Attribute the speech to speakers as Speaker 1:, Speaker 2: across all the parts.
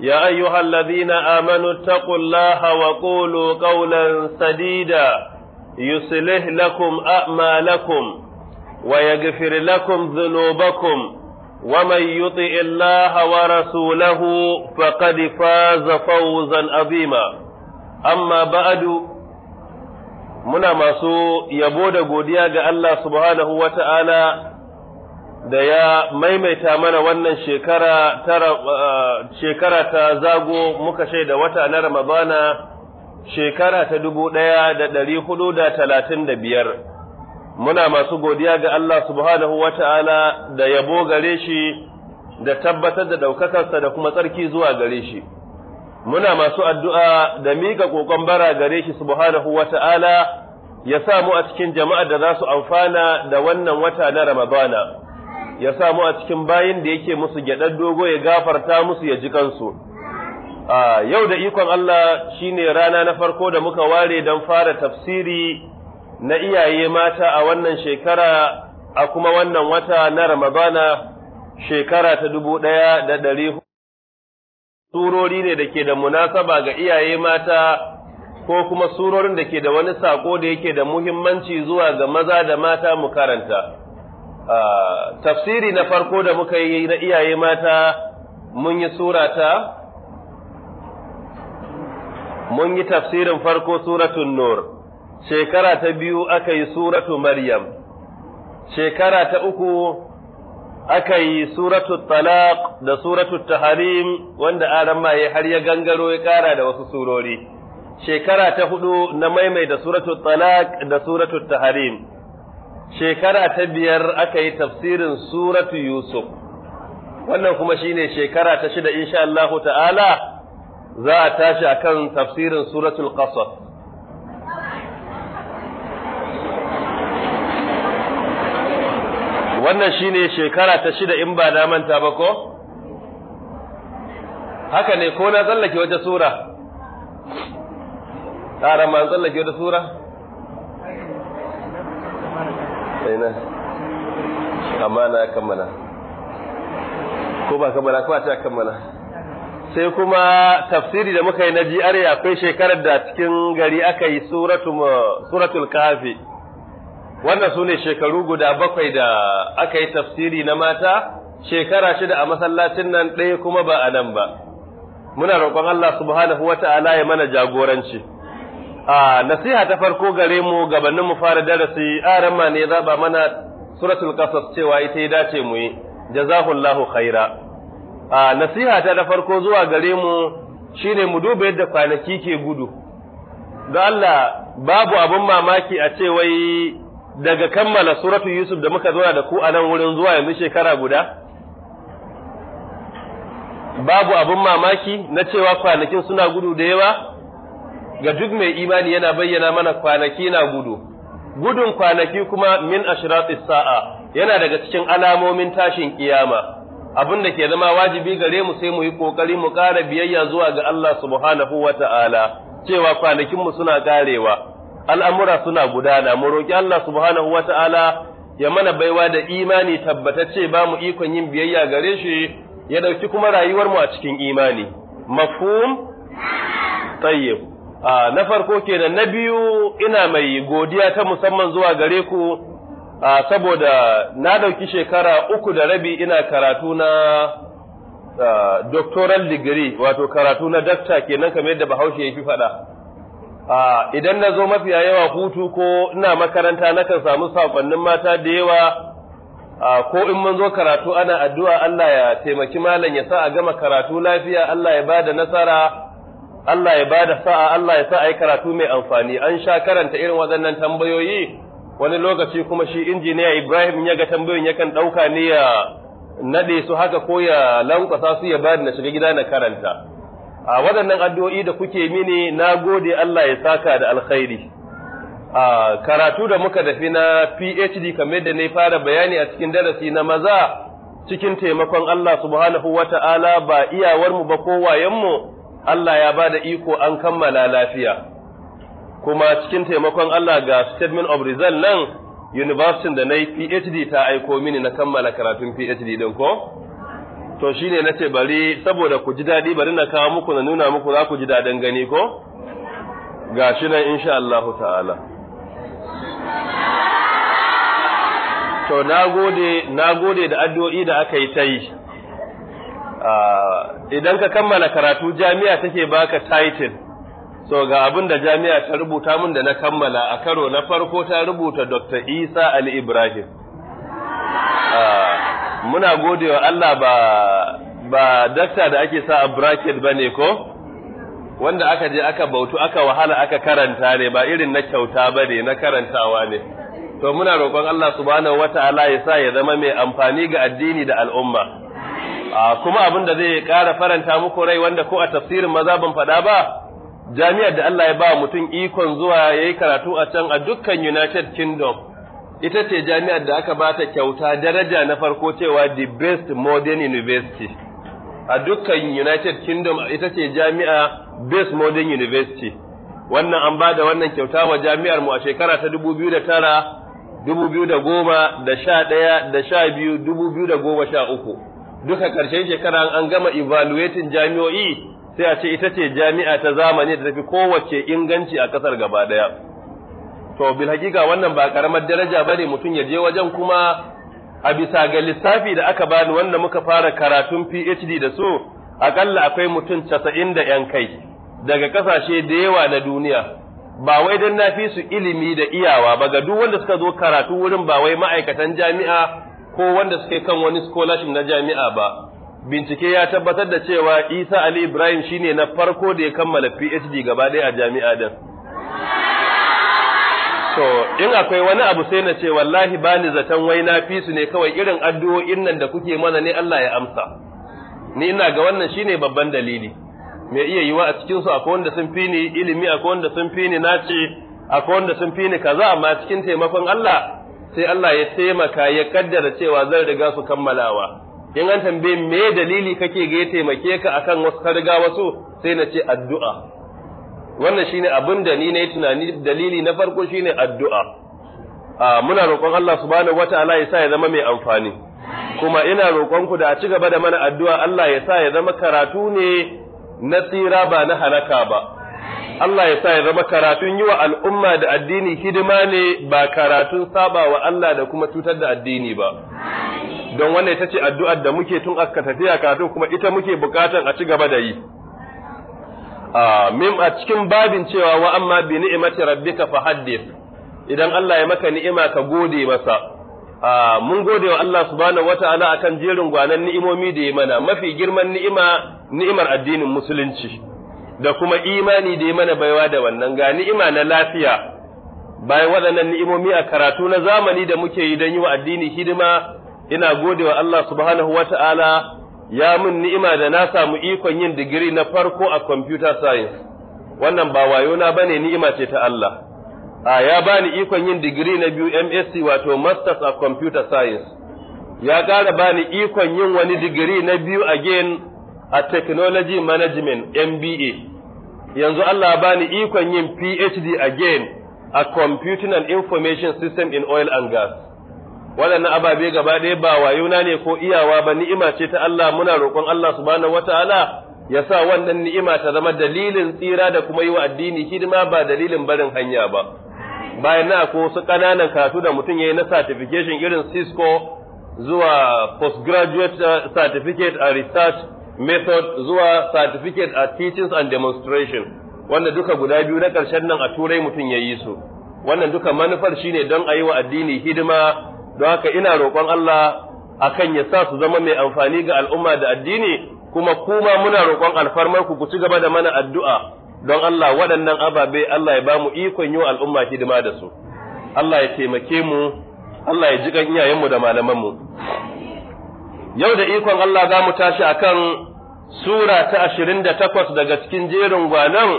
Speaker 1: يا أيها الذين آمنوا اتقوا الله وقولوا قولا سديدا يصلح لكم أعمالكم ويغفر لكم ذنوبكم ومن يطع الله ورسوله فقد فاز فوزا عظيما أما بعد muna masu yabo da godiya ga Allah subhanahu wa ta'ala da ya maimaita mana wannan shekara tara uh, shekara ta zago muka shaida wata na Ramadana shekara ta dubu ɗaya da ɗari hudu da talatin da biyar muna masu godiya ga Allah subhanahu wa ta'ala da yabo gare shi da tabbatar da ɗaukakarsa da kuma tsarki zuwa gare shi muna masu addu'a da miƙa ƙoƙon bara gare shi subhanahu wa ta'ala ya samu a cikin jama'a da za su amfana da wannan wata na Ramadana. ya sa mu a cikin bayin da yake musu gyaɗar dogo ya gafarta musu ya ji kansu. Yau da ikon Allah shi ne rana na farko da muka ware don fara tafsiri na iyaye mata a wannan shekara a kuma wannan wata na Ramadana shekara ta dubu ɗaya da ɗari Surori ne da ke da munasaba ga iyaye mata ko kuma surorin da ke da wani sako da yake da muhimmanci zuwa ga maza da mata mu karanta. Ah, tafsiri na farko da muka yi na iyaye mata mun yi surata mun yi tafsirin farko suratun nur shekara ta biyu aka yi suratu maryam shekara ta uku aka yi suratu talaq da suratu taharim wanda aran maye har ya gangaro ya kara da wasu surori shekara ta hudu na maimai da suratu talaq da suratu taharim shekara ta biyar aka yi tafsirin suratu Yusuf wannan kuma shine shekara ta shida insha Allah ta'ala za a tashi a kan tafsirin suratul qasas wannan shine shekara ta shida in ba na manta ba ko haka ne ko na tsallake wata sura ƙara ma tsallake wata sura sai amma na kammala ko ba kammala ko a kammala sai kuma tafsiri da muka yi na ya akwai shekarar da cikin gari aka yi suratul kafi wannan su ne shekaru guda bakwai da aka yi tafsiri na mata shekara shida a masallacin nan ɗaya kuma ba a nan ba muna roƙon Allah subhanahu wata'ala ya mana jagoranci a nasiha ta farko gare mu gabanin mu fara darasi arama ne zaba mana suratul qasas cewa ita ya dace mu yi jazakumullahu khaira a nasiha ta da farko zuwa gare mu shine mu duba yadda kwanaki ke gudu ga Allah babu abin mamaki a ce wai daga kammala suratu Yusuf da muka zauna da ku a nan wurin zuwa yanzu shekara guda babu abin mamaki na cewa kwanakin suna gudu da yawa ga duk mai imani yana bayyana mana kwanaki na gudu gudun kwanaki kuma min ashratis sa'a yana daga cikin alamomin tashin kiyama abin da ke zama wajibi gare mu sai mu yi kokari mu ƙara biyayya zuwa ga Allah subhanahu wata'ala cewa kwanakinmu suna ƙarewa. al'amura suna gudana mu roki Allah subhanahu wata'ala ya mana baiwa da imani tabbatacce ba mu ikon yin biyayya gare shi ya ɗauki kuma rayuwar mu a cikin imani mafhum tayyib na farko kenan na biyu ina mai godiya ta musamman zuwa gare ku saboda na ɗauki shekara uku da rabi ina karatu na doctoral degree wato karatu na dakta kenan kamar yadda bahaushe ya fi faɗa idan na zo mafiya yawa hutu ko ina makaranta na nakan samu sakonnin mata da yawa ko in mun zo karatu ana addu'a Allah ya taimaki malam ya sa a gama karatu lafiya Allah ya ba da nasara Allah ya ba da sa'a Allah ya sa ai karatu mai amfani an sha karanta irin waɗannan tambayoyi wani lokaci kuma shi injiniya Ibrahim ya ga tambayoyin yakan ɗauka ne ya naɗe su haka ko ya lankwasa su ya bada na shiga gida na karanta a waɗannan addu'o'i da kuke mini na gode Allah ya saka da alkhairi a karatu da muka dafi na PhD kamar da na fara bayani a cikin darasi na maza cikin taimakon Allah subhanahu wa ta'ala ba iyawarmu ba ko wayenmu Allah ya ba da iko an kammala lafiya kuma cikin taimakon Allah ga statement of result nan university da na yi PhD ta aiko mini na kammala karatun PhD din ko to shi ne na ce bari saboda ku ji daɗi bari na kawo muku na nuna muku za ku ji daɗin gani ko ga shi nan insha Allah ta'ala to na gode da addu'o'i da aka yi ta yi idan ka kammala karatu jami'a take baka title so ga abin da jami'a ta rubuta min da na kammala a karo na farko ta rubuta Dr. Isa Ali Ibrahim muna godewa Allah ba ba daktar da ake sa a bracket bane ko wanda aka je aka bautu aka wahala aka karanta ne ba irin na kyauta bane na karantawa ne to muna roƙon Allah subhanahu wataala ya sa ya zama mai amfani ga addini da al'umma kuma abin da zai ƙara faranta muku rai wanda ko a tafsirin maza ban faɗa ba jami'ar da Allah ya ba mutum ikon zuwa yayi karatu a can a dukkan United Kingdom ita ce jami'ar da aka ba ta kyauta daraja na farko cewa the best modern university a dukkan United Kingdom ita ce jami'a best modern university wannan an ba da wannan kyauta wa jami'ar mu a shekara ta 2009 2010 da 11 da sha uku. duka ƙarshen shekara an gama evaluating jami'o'i sai a ce ita ce jami'a ta zamani da tafi kowace inganci a ƙasar gaba ɗaya to bil hakika wannan ba karamar daraja bane mutum ya je wajen kuma a bisa ga lissafi da aka bani wanda muka fara karatun PhD da su akalla akwai mutum casa'in da ‘yan kai daga ƙasashe da yawa na duniya, ba wai don na fi su ilimi da iyawa ba ga duk wanda suka zo karatu wurin ba wai ma'aikatan jami'a ko wanda suke kan wani scholarship na jami'a ba bincike ya tabbatar da cewa Isa Ali Ibrahim shine na farko da ya kammala PhD gaba ɗaya a jami'a din to in akwai wani abu sai na ce wallahi bani zaton wai na fi su ne kawai irin addu'o'in nan da kuke mana ne Allah ya amsa ni ina ga wannan shine babban dalili me iya yiwa a cikin su akwai wanda sun fi ni ilimi akwai wanda sun fi ni nace akwai wanda sun fi ni kaza amma cikin taimakon Allah sai Allah ya taimaka ya kaddara cewa zan riga su kammalawa in an tambaye me dalili kake ga ya taimake ka akan wasu ka riga wasu sai na ce addu'a wannan shine abin da ni nayi tunani dalili na farko shine addu'a a muna roƙon Allah subhanahu wataala ya sa ya zama mai amfani kuma ina roƙon ku da a ci gaba da mana addu'a Allah ya sa ya zama karatu ne na tsira ba na halaka ba Allah ya sa ya zama karatun yi wa al'umma da addini hidima ne ba karatun saba wa Allah da kuma cutar da addini ba. Don wanda ita ce addu'ar da muke tun aka tafiya karatun kuma ita muke bukatan a ci gaba da yi. Mim a cikin babin cewa wa amma bi ni'imati rabbika fa haddith idan Allah ya maka ni'ima ka gode masa. Mun gode wa Allah subhanahu wata'ala akan jerin gwanan ni'imomi da ya mana mafi girman ni'imar addinin musulunci. da kuma imani da yi mana baiwa da wannan ga ni'ima na lafiya bayan waɗannan ni'imomi a karatu na zamani da muke yi don yi wa addini hidima ina godewa Allah subhanahu wa ta'ala ya mun ni'ima da na samu ikon yin digiri na farko a computer science wannan ba wayona ba ne ni'ima ce ta Allah a ya bani ikon yin digiri na biyu MSc wato masters of computer science ya ƙara bani ikon yin wani digiri na biyu again a technology management MBA yanzu Allah bani ikon yin PhD again a computing and information system in oil and gas waɗannan ababe gaba ɗaya ba wayuna ne ko iyawa ba ni'ima ce ta Allah muna roƙon Allah subhanahu wataala ya sa wannan ni'ima ta zama dalilin tsira da kuma yi wa addini hidima ba dalilin barin hanya ba bayan na ko wasu ƙananan karatu da mutum ya yi na certification irin Cisco zuwa postgraduate eh, certificate a research method zuwa certificate a teachings and demonstration wanda duka guda biyu na ƙarshen nan a turai mutum ya yi su wannan duka manufar shine don a yi wa addini hidima don haka ina roƙon Allah akan ya sa su zama mai amfani ga al'umma da addini kuma kuma muna roƙon alfarmar ku ku ci gaba da mana addu'a don Allah waɗannan ababe Allah ya ba mu ikon yi wa al'umma hidima da su Allah ya taimake mu Allah ya ji kan iyayenmu da malamanmu yau da ikon Allah za mu tashi akan sura ta ashirin da takwas daga cikin jerin gwanon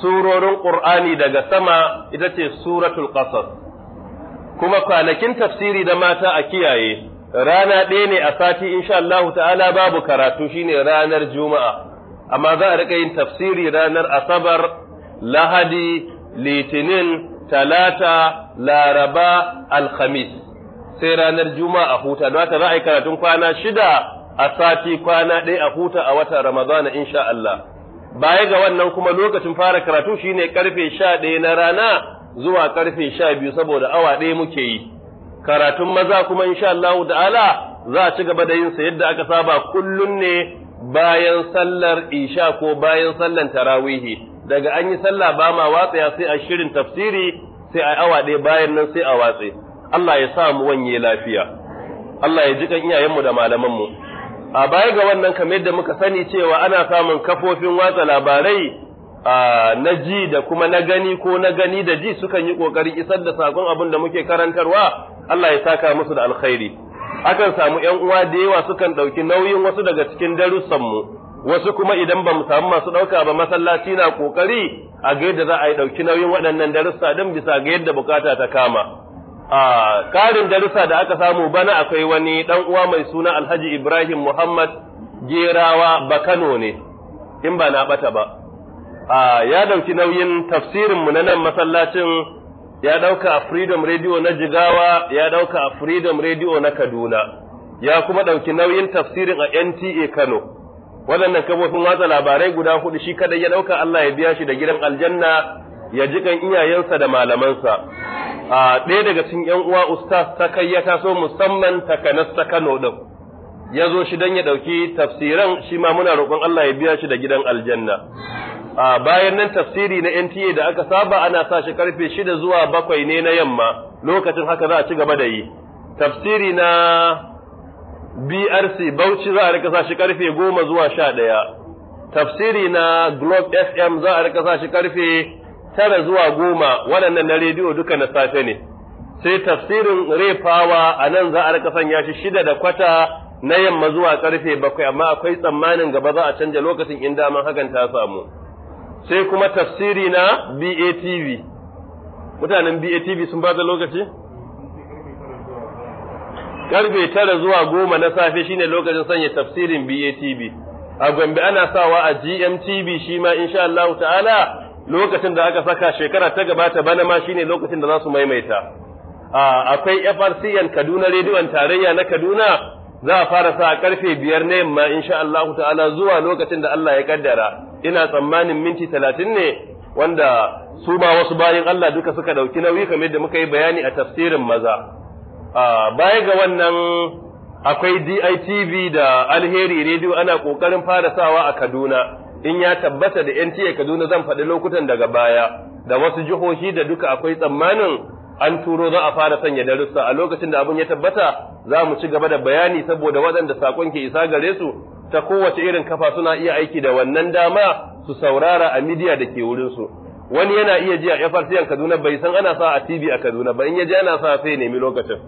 Speaker 1: surorin ƙur'ani daga sama ita ce suratul ƙasas kuma kwanakin tafsiri da mata a kiyaye rana ɗaya ne a sati insha Allahu ta'ala babu karatu shine ranar juma'a amma za a riƙa yin tafsiri ranar asabar lahadi litinin talata laraba alhamis sai ranar juma'a a huta don haka za a yi karatun kwana shida a sati kwana ɗaya a huta a watan ramadana insha Allah baya ga wannan kuma lokacin fara karatu shine karfe sha ɗaya na rana zuwa karfe sha biyu saboda awa ɗaya muke yi karatun maza kuma insha Allah ta'ala za a ci gaba da yin sa yadda aka saba kullum ne bayan sallar isha ko bayan sallar tarawihi daga an yi sallah ba ma watsa sai a shirin tafsiri sai a awa ɗaya bayan nan sai a watse Allah ya sa mu wanye lafiya Allah ya ji iyayenmu da malamanmu a baya ga wannan kamar da muka sani cewa ana samun kafofin watsa labarai na ji da kuma na gani ko na gani da ji sukan yi ƙoƙari isar da sakon abin da muke karantarwa Allah ya saka musu da alkhairi akan samu ƴan uwa da yawa sukan ɗauki nauyin wasu daga cikin darussan mu, wasu kuma idan ba mu samu masu ɗauka ba masallaci na kokari a ga yadda za a yi ɗauki nauyin waɗannan darussa ɗin bisa ga yadda bukata ta kama a ƙarin darussa da aka samu bana akwai wani ɗan uwa mai suna Alhaji Ibrahim Muhammad Gerawa Bakano ne, in ba na ɓata ba. A ya ɗauki nauyin tafsirinmu na nan masallacin ya ɗauka a Freedom Radio na Jigawa, ya ɗauka a Freedom Radio na Kaduna, ya kuma ɗauki nauyin tafsirin a NTA Kano. Waɗannan kafofin watsa labarai guda hudu shi kadai ya ɗauka Allah ya biya shi da gidan aljanna ya jikan iyayensa da malamansa. ɗaya daga cikin ‘yan uwa ustaz ta kai ya taso musamman takanas ta Kano ɗin, ya zo shi don ya ɗauki tafsiran shi ma muna roƙon Allah ya biya shi da gidan aljanna. a Bayan nan tafsiri na NTA da aka saba ana sa shi karfe shida zuwa bakwai ne na yamma lokacin haka za a ci gaba da yi. Tafsiri na BRC Bauchi za a rika sa shi karfe goma zuwa sha ɗaya. Tafsiri na Globe FM za a rika sa shi karfe tara zuwa goma waɗannan na rediyo duka na safe ne sai tafsirin refawa a nan za a rika sanya shi shida da kwata na yamma zuwa karfe bakwai amma akwai tsammanin gaba za a canja lokacin in daman hakan ta samu sai kuma tafsiri na BATV mutanen BATV sun ba da lokaci karfe tara zuwa goma na safe shine lokacin sanya tafsirin BATV a Gombe ana sawa a GMTV shi ma insha Allah ta'ala lokacin da aka saka shekara ta gabata bana ma shine lokacin da za su maimaita akwai FRCN Kaduna rediyon tarayya na Kaduna za a fara sa a karfe biyar na yamma insha Allah ta'ala zuwa lokacin da Allah ya kaddara ina tsammanin minti talatin ne wanda su ba wasu bayan Allah duka suka ɗauki nauyi kamar da muka yi bayani a tafsirin maza baya ga wannan akwai DITV da Alheri Radio ana ƙoƙarin fara sawa a Kaduna in ya tabbata da 'yan NTA Kaduna zan faɗi lokutan daga baya da wasu jihohi da duka akwai tsammanin an turo za a fara sanya darussa a lokacin da abin ya tabbata za mu ci gaba da bayani saboda waɗanda sakon ke isa gare su ta kowace irin kafa suna iya aiki da wannan dama su saurara a midiya da ke wurin su wani yana iya ji a a Kaduna bai san ana sa a TV a Kaduna ba in ya ji ana sa sai nemi lokacin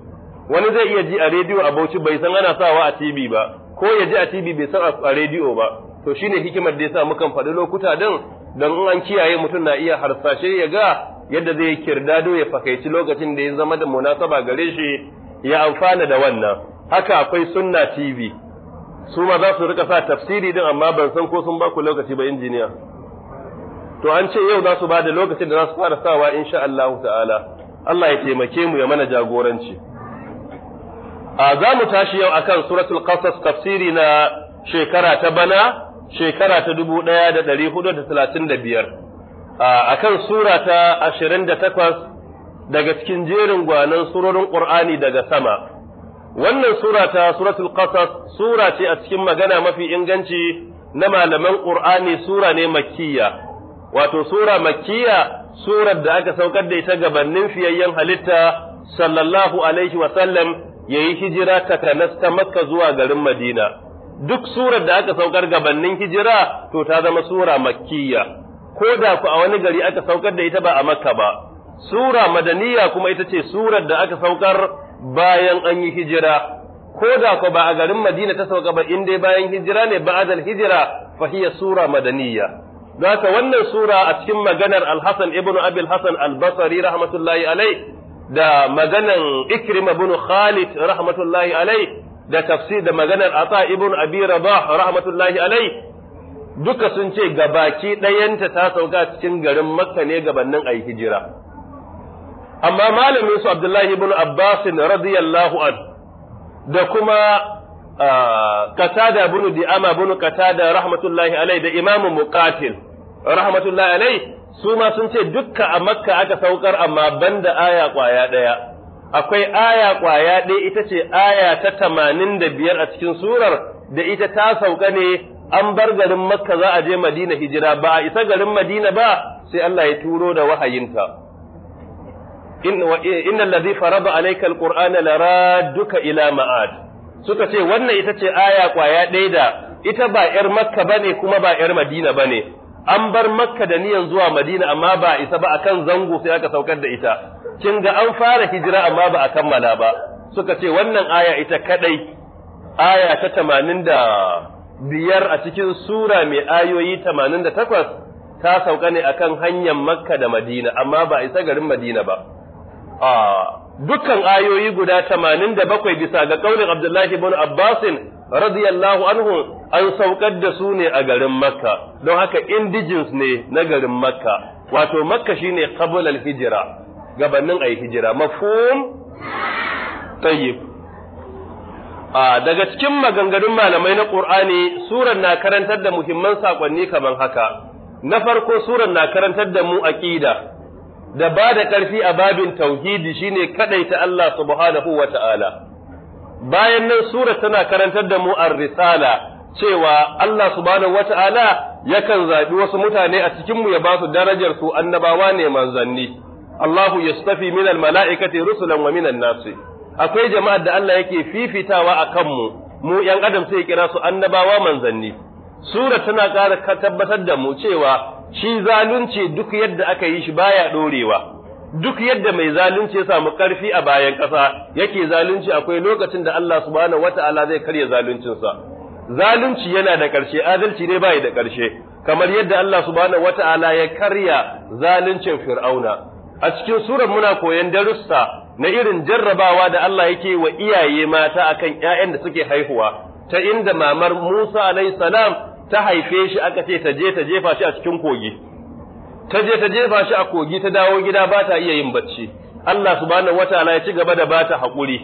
Speaker 1: wani zai iya ji a rediyo a Bauchi bai san ana sawa a TV ba ko ya ji a TV bai san a rediyo ba to shi ne hikimar da ya yasa mukan faɗi lokuta din don an kiyaye mutum na iya harsashe ya ga yadda zai kirdado ya fakaici lokacin da ya zama da munasaba gare shi ya amfana da wannan haka akwai sunna tv su ma za su rika sa tafsiri din amma ban san ko sun ba ku lokaci ba injiniya to an ce yau za su ba da lokacin da za su fara sawa insha Allah ta'ala Allah ya taimake mu ya mana jagoranci a za mu tashi yau akan suratul qasas tafsiri na shekara ta bana shekara ta dubu ɗaya da ɗari hudu da talatin da biyar a kan sura ta ashirin da takwas daga cikin jerin gwanon surorin ƙur'ani daga sama wannan sura ta suratul qasas sura ce a cikin magana mafi inganci na malaman ƙur'ani sura ne makkiya wato sura makkiya surar da aka saukar da ita gabanin fiyayyen halitta sallallahu alaihi wasallam ya yi hijira takanas ta makka zuwa garin madina duk surar da aka saukar gabanin hijira to ta zama sura makkiya ko da ku a wani gari aka saukar da ita ba a makka ba sura madaniya kuma ita ce surar da aka saukar bayan an yi hijira ko da ku ba a garin madina ta sauka ba in dai bayan hijira ne ba'adal hijira fa hiya sura madaniya Zaka wannan sura a cikin maganar Al-Hasan ibn Abi Al-Hasan Al-Basri rahmatullahi alai da maganan Ikrima ibn Khalid rahmatullahi alai da tafsir da maganar ata ibn abi rabah rahmatullahi alai duka sun ce gabaki ɗayanta ta sauka cikin garin makka ne gabanin ayi hijira amma malamin su abdullahi ibn abbas radiyallahu an da kuma katada ah, ibn di'ama ibn katada rahmatullahi alai da imam muqatil rahmatullahi alai su ma sun ce dukka a makka aka saukar amma banda aya kwaya ɗaya akwai aya kwaya ɗaya ita ce aya ta tamanin da biyar a cikin surar da ita ta sauka ne an bar garin makka za a je madina hijira ba a isa garin madina ba sai Allah ya turo da wahayinta inna allazi faraba alayka alqur'ana laraduka ila ma'ad suka ce wannan ita ce aya kwaya ɗaya da ita ba yar makka bane kuma ba yar madina bane an bar makka da niyan zuwa madina amma ba isa ba akan zango sai aka saukar da ita kin ga an fara hijira amma ba a kammala ba suka ce wannan aya ita kadai aya ta tamanin a cikin sura mai ayoyi tamanin ta sauka ne akan hanyar makka da madina amma ba a isa garin madina ba a dukkan ayoyi guda tamanin da bakwai bisa ga ƙaunin abdullahi ibn Abbas, radiyallahu anhu an saukar da su ne a garin makka don haka indigenous ne na garin makka wato makka shine qabla al-hijra gabanin ayi hijira mafhum tayyib daga cikin maganganun malamai na Qur'ani suran na karantar da muhimman sakonni kaman haka na farko suran na karantar da mu aƙida da ba da ƙarfi a babin tauhidi shine ta Allah subhanahu wata'ala bayan nan sura tana karantar da mu ar-risala cewa Allah subhanahu wata'ala yakan zaɓi wasu mutane a cikinmu ya ba su darajar su annabawa ne manzanni Allahu yastafi min almala'ikati rusulan wa minan nasi akwai jama'ar da Allah yake fifitawa a kanmu mu yan adam sai kira su annabawa manzanni sura tana ƙara tabbatar da mu cewa shi zalunci duk yadda aka yi shi baya ɗorewa, duk yadda mai zalunci ya samu ƙarfi a bayan ƙasa yake zalunci akwai lokacin da Allah subhanahu wata'ala zai karya zaluncinsa zalunci yana da ƙarshe adalci ne bai da ƙarshe kamar yadda Allah subhanahu wata'ala ya karya zaluncin fir'auna a cikin surar muna koyan darussa na irin jarrabawa da Allah yake wa iyaye mata akan ƴaƴan da suke haihuwa ta inda mamar Musa alayhi salam ta haife shi aka ce ta je ta jefa shi a cikin kogi ta je ta jefa shi a kogi ta dawo gida ba ta iya yin bacci Allah subhanahu wataala ya ci gaba da bata haƙuri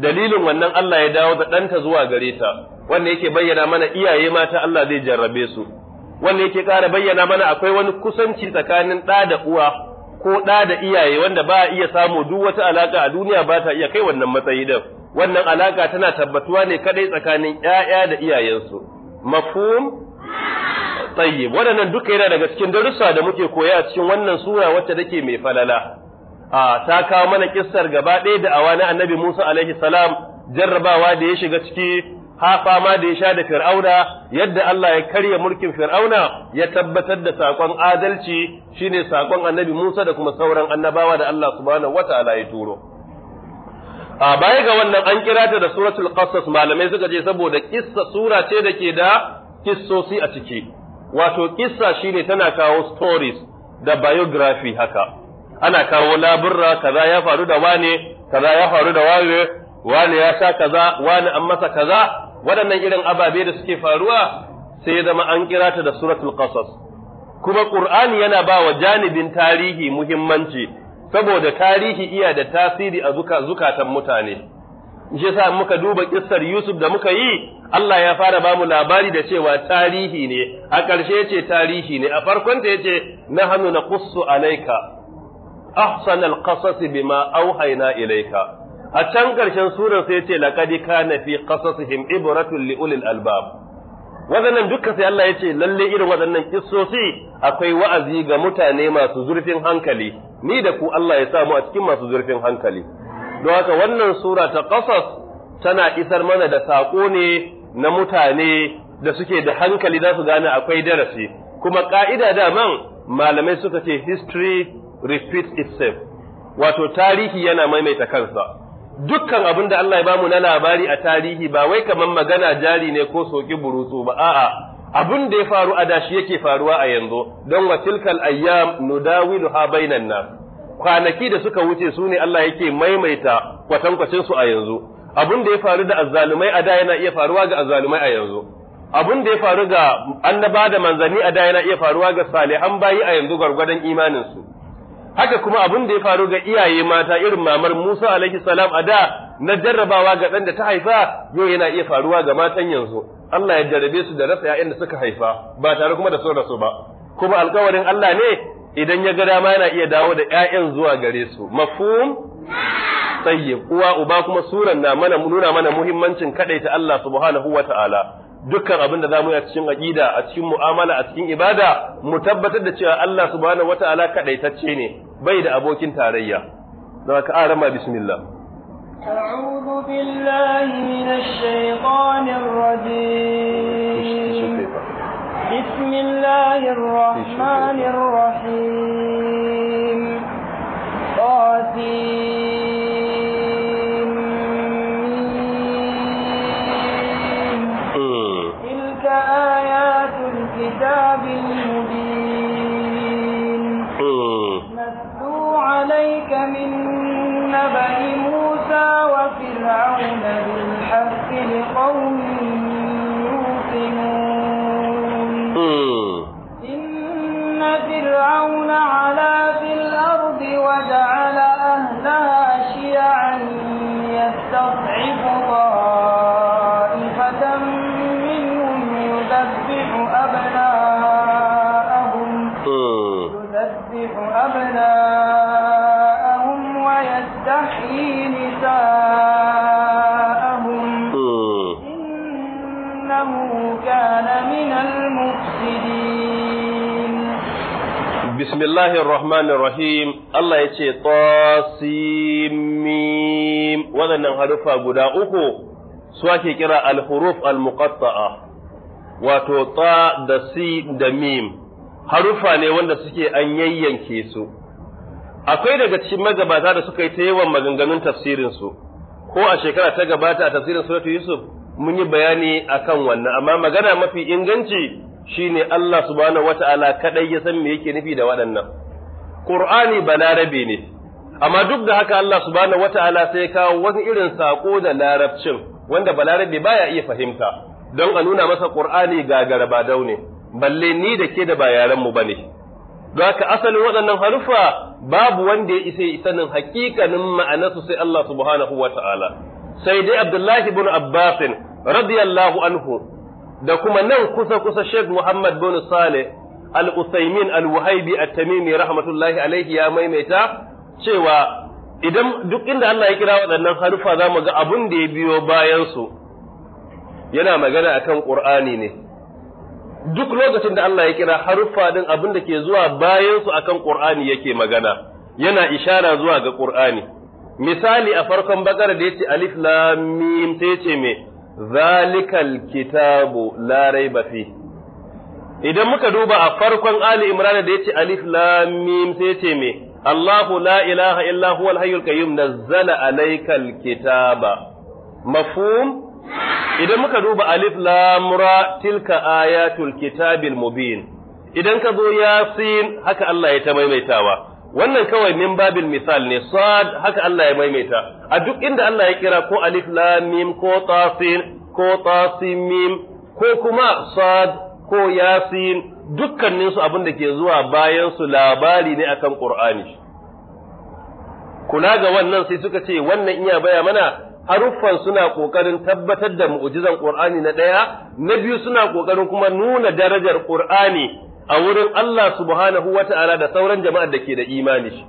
Speaker 1: dalilin wannan Allah ya dawo da ɗanta zuwa gare ta wanda yake bayyana mana iyaye mata Allah zai jarrabe su wanda yake ƙara bayyana mana akwai wani kusanci tsakanin ɗa da uwa ko ɗa da iyaye wanda ba a iya samu duk wata alaka a duniya ba ta iya kai wannan matsayi din wannan alaka tana tabbatuwa ne kadai tsakanin 'ya'ya da iyayensu mafhum tayyib waɗannan duka yana daga cikin darussa da muke koya a cikin wannan sura wacce take mai falala a ta kawo mana kissar gaba ɗaya da awa na annabi Musa alaihi salam jarrabawa da ya shiga ciki ha fama da ya sha da fir'auna yadda Allah ya karya mulkin fir'auna ya tabbatar da sakon adalci shine saƙon annabi Musa da kuma sauran annabawa da Allah subhanahu wataala ya turo a baya ga wannan an kira ta da suratul qasas malamai suka je saboda kissa sura ce da ke da kissosi a ciki wato kissa shine tana kawo stories da biography haka ana kawo laburra kaza ya faru da wane kaza ya faru da wane wane ya sha kaza wane an masa kaza waɗannan irin ababe da suke faruwa sai ya zama an kira ta da suratul qasas kuma qur'ani yana ba wa janibin tarihi muhimmanci saboda tarihi iya da tasiri a zuka zukatan mutane shi yasa muka duba kissar Yusuf da muka yi Allah ya fara ba mu labari da cewa tarihi ne a ƙarshe yace tarihi ne a farkon ta yace nahnu naqussu alayka ahsanal qasasi bima auhayna ilayka a can ƙarshen surar sai ce laqad kana fi qasasihim ibratun li ulil albab wadannan duka sai Allah ya ce lalle irin wadannan kissosi akwai wa'azi ga mutane masu zurfin hankali ni da ku Allah ya samu a cikin masu zurfin hankali don haka wannan sura ta qasas tana isar mana da saƙo ne na mutane da suke da hankali za su gane akwai darasi kuma ƙa'ida da man malamai suka ce history repeats itself wato tarihi yana maimaita kansa dukkan abin da Allah ya bamu na labari a tarihi ba wai kamar magana jari ne ko soki burutsu ba a'a abin da ya faru a dashi yake faruwa a yanzu don wa tilkal ayyam ha bainan nas kwanaki da suka wuce su ne Allah yake maimaita kwatankwacin su a yanzu abin da ya faru da azzalumai a da yana iya faruwa ga azzalumai a yanzu abin da ya faru ga annaba da manzanni a da yana iya faruwa ga salihan bayi a yanzu gwargwadon imanin su haka kuma abin da ya faru ga iyaye mata irin mamar Musa alaihi salam a da na jarrabawa ga ɗan da ta haifa yau yana iya faruwa ga matan yanzu Allah ya jarrabe su da rasa ‘ya'yan da suka haifa ba tare kuma da sun rasu ba kuma alƙawarin Allah ne idan ya ga dama yana iya dawo da ‘ya'yan zuwa gare su mafhum tayyib uwa uba kuma suran na mana nuna mana muhimmancin kadaita Allah subhanahu wa dukkan abin da za mu yi a cikin aƙida a cikin mu'amala a cikin ibada mu tabbatar da cewa Allah subhanahu wata'ala kadaitacce ne bai da abokin tarayya don ka arama bismillah
Speaker 2: a'udhu billahi minash shaitanir rajim bismillahir rahmanir rahim qatil لقوم يوقنون كان من المفسدين
Speaker 1: بسم الله الرحمن الرحيم الله يتي طاسميم waɗannan harufa guda uku su ake kira alhuruf huruf wato ta da si da mim harufa ne wanda suke an yayyanke su akwai daga cikin magabata da suka yi ta yawan maganganun tafsirinsu ko a shekara ta gabata a tafsirin suratul yusuf mun yi bayani akan wannan amma magana mafi inganci shine Allah subhanahu wata'ala kadai ya san me yake nufi da waɗannan Qur'ani balarabe ne amma duk da haka Allah subhanahu wata'ala sai kawo wani irin sako da larabcin wanda balarabe ya iya fahimta don a nuna masa Qur'ani ga ba daune, balle ni da ke da ba yaran mu bane don haka asalin waɗannan haruffa babu wanda ya isa sanin hakikanin ma'anarsu sai Allah subhanahu wata'ala sai dai Abdullahi ibn Abbasin radiyallahu anhu da kuma nan kusa kusa Sheikh Muhammad bin Saleh Al-Usaimin Al-Wahibi At-Tamimi rahmatullahi alayhi ya maimaita cewa idan duk inda Allah ya kira waɗannan harufa za mu ga abun da ya biyo bayan su yana magana akan Qur'ani ne duk lokacin da Allah ya kira haruffa din abin da ke zuwa bayan su akan Qur'ani yake magana yana ishara zuwa ga Qur'ani misali a farkon bakara da yace alif lam mim sai yace me zalikal kitabu Larai Bafi, idan muka duba a farkon ali imran da yace alif lam mim sai yace me Allahu la ilaha illa huwal hayyul qayyum nazzala alaykal kitaba mafhum idan muka duba alif lam ra tilka ayatul kitabil mubin idan ka zo yasin haka Allah ya ta maimaitawa wannan kawai min babil misal ne sad haka Allah ya maimaita a duk inda Allah ya kira ko alif lam mim ko tasin ko tasin mim ko kuma sad ko yasin dukkanin su abin ke zuwa bayan su labari ne akan Qur'ani kula ga wannan sai suka ce wannan iya baya mana haruffan suna ƙoƙarin tabbatar da mu'ujizan Ƙur'ani na ɗaya, na biyu suna ƙoƙarin kuma nuna darajar Ƙur'ani a wurin Allah subhanahu wa ta'ala da sauran jama'ar da ke da imani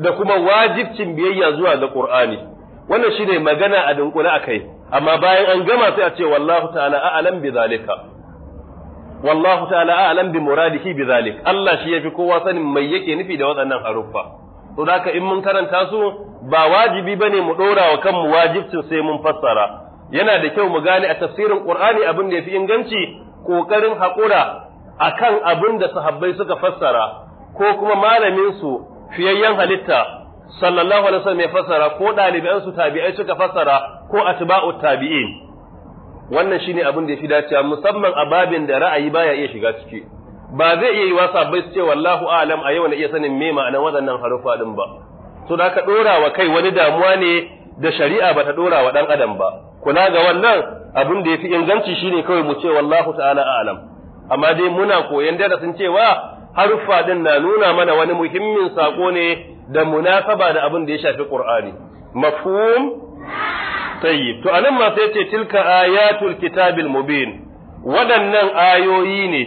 Speaker 1: da kuma wajibcin biyayya zuwa ga Qur'ani wannan shine magana a dunkule kai. amma bayan an gama sai a ce wallahu ta'ala a'lam bi zalika wallahu ta'ala a'lam bi muradihi bi zalik Allah shi fi kowa sanin mai yake nufi da waɗannan haruffa to da in mun karanta su ba wajibi ba ne mu dora wa kanmu wajibcin sai mun fassara yana da kyau mu gane a tafsirin Qur'ani abin da yafi inganci ƙoƙarin haƙura akan abin da sahabbai suka fassara ko kuma malamin su fiyayyen halitta sallallahu alaihi wasallam ya fassara ko ɗaliban su tabi'ai suka fassara ko atba'u tabi'in wannan shine abin da yafi dacewa musamman a babin da ra'ayi baya iya shiga ciki ba zai iya yi wasa bai su ce wallahu a'lam a yau na iya sanin me ma'ana waɗannan harufa din ba to da ka dora wa kai wani damuwa ne da shari'a ba ta dora wa ɗan adam ba kula ga wannan abin da yafi inganci shine kawai mu ce wallahu ta'ala a'lam amma dai muna koyan darasin cewa haruffa din na nuna mana wani muhimmin sako ne da munasaba da abin da ya shafi Qur'ani mafhum tayyib to anan ma sai ce tilka ayatul kitabil mubin waɗannan ayoyi ne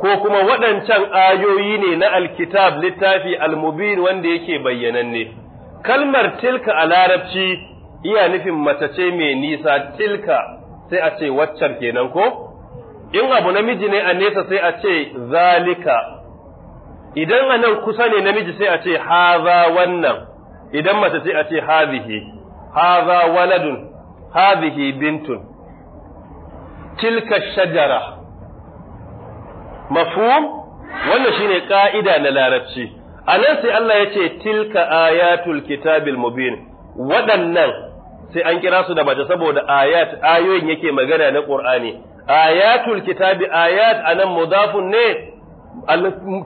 Speaker 1: ko kuma waɗancan ayoyi ne na alkitab littafi almubin wanda yake bayyananne kalmar tilka a larabci iya nufin mace ce mai nisa tilka sai a ce waccan kenan ko in abu namiji ne a nesa sai a ce zalika idan a nan kusa ne namiji sai a ce haza wannan idan mace sai a ce hazihi haza waladun hazihi bintun tilka shajara mafhum wannan shine ka'ida na larabci a nan sai Allah ya ce tilka ayatul kitabil mubin waɗannan sai an kira su da mace saboda ayat ayoyin yake magana na Qur'ani ayatul kitabi ayat anan mudafun ne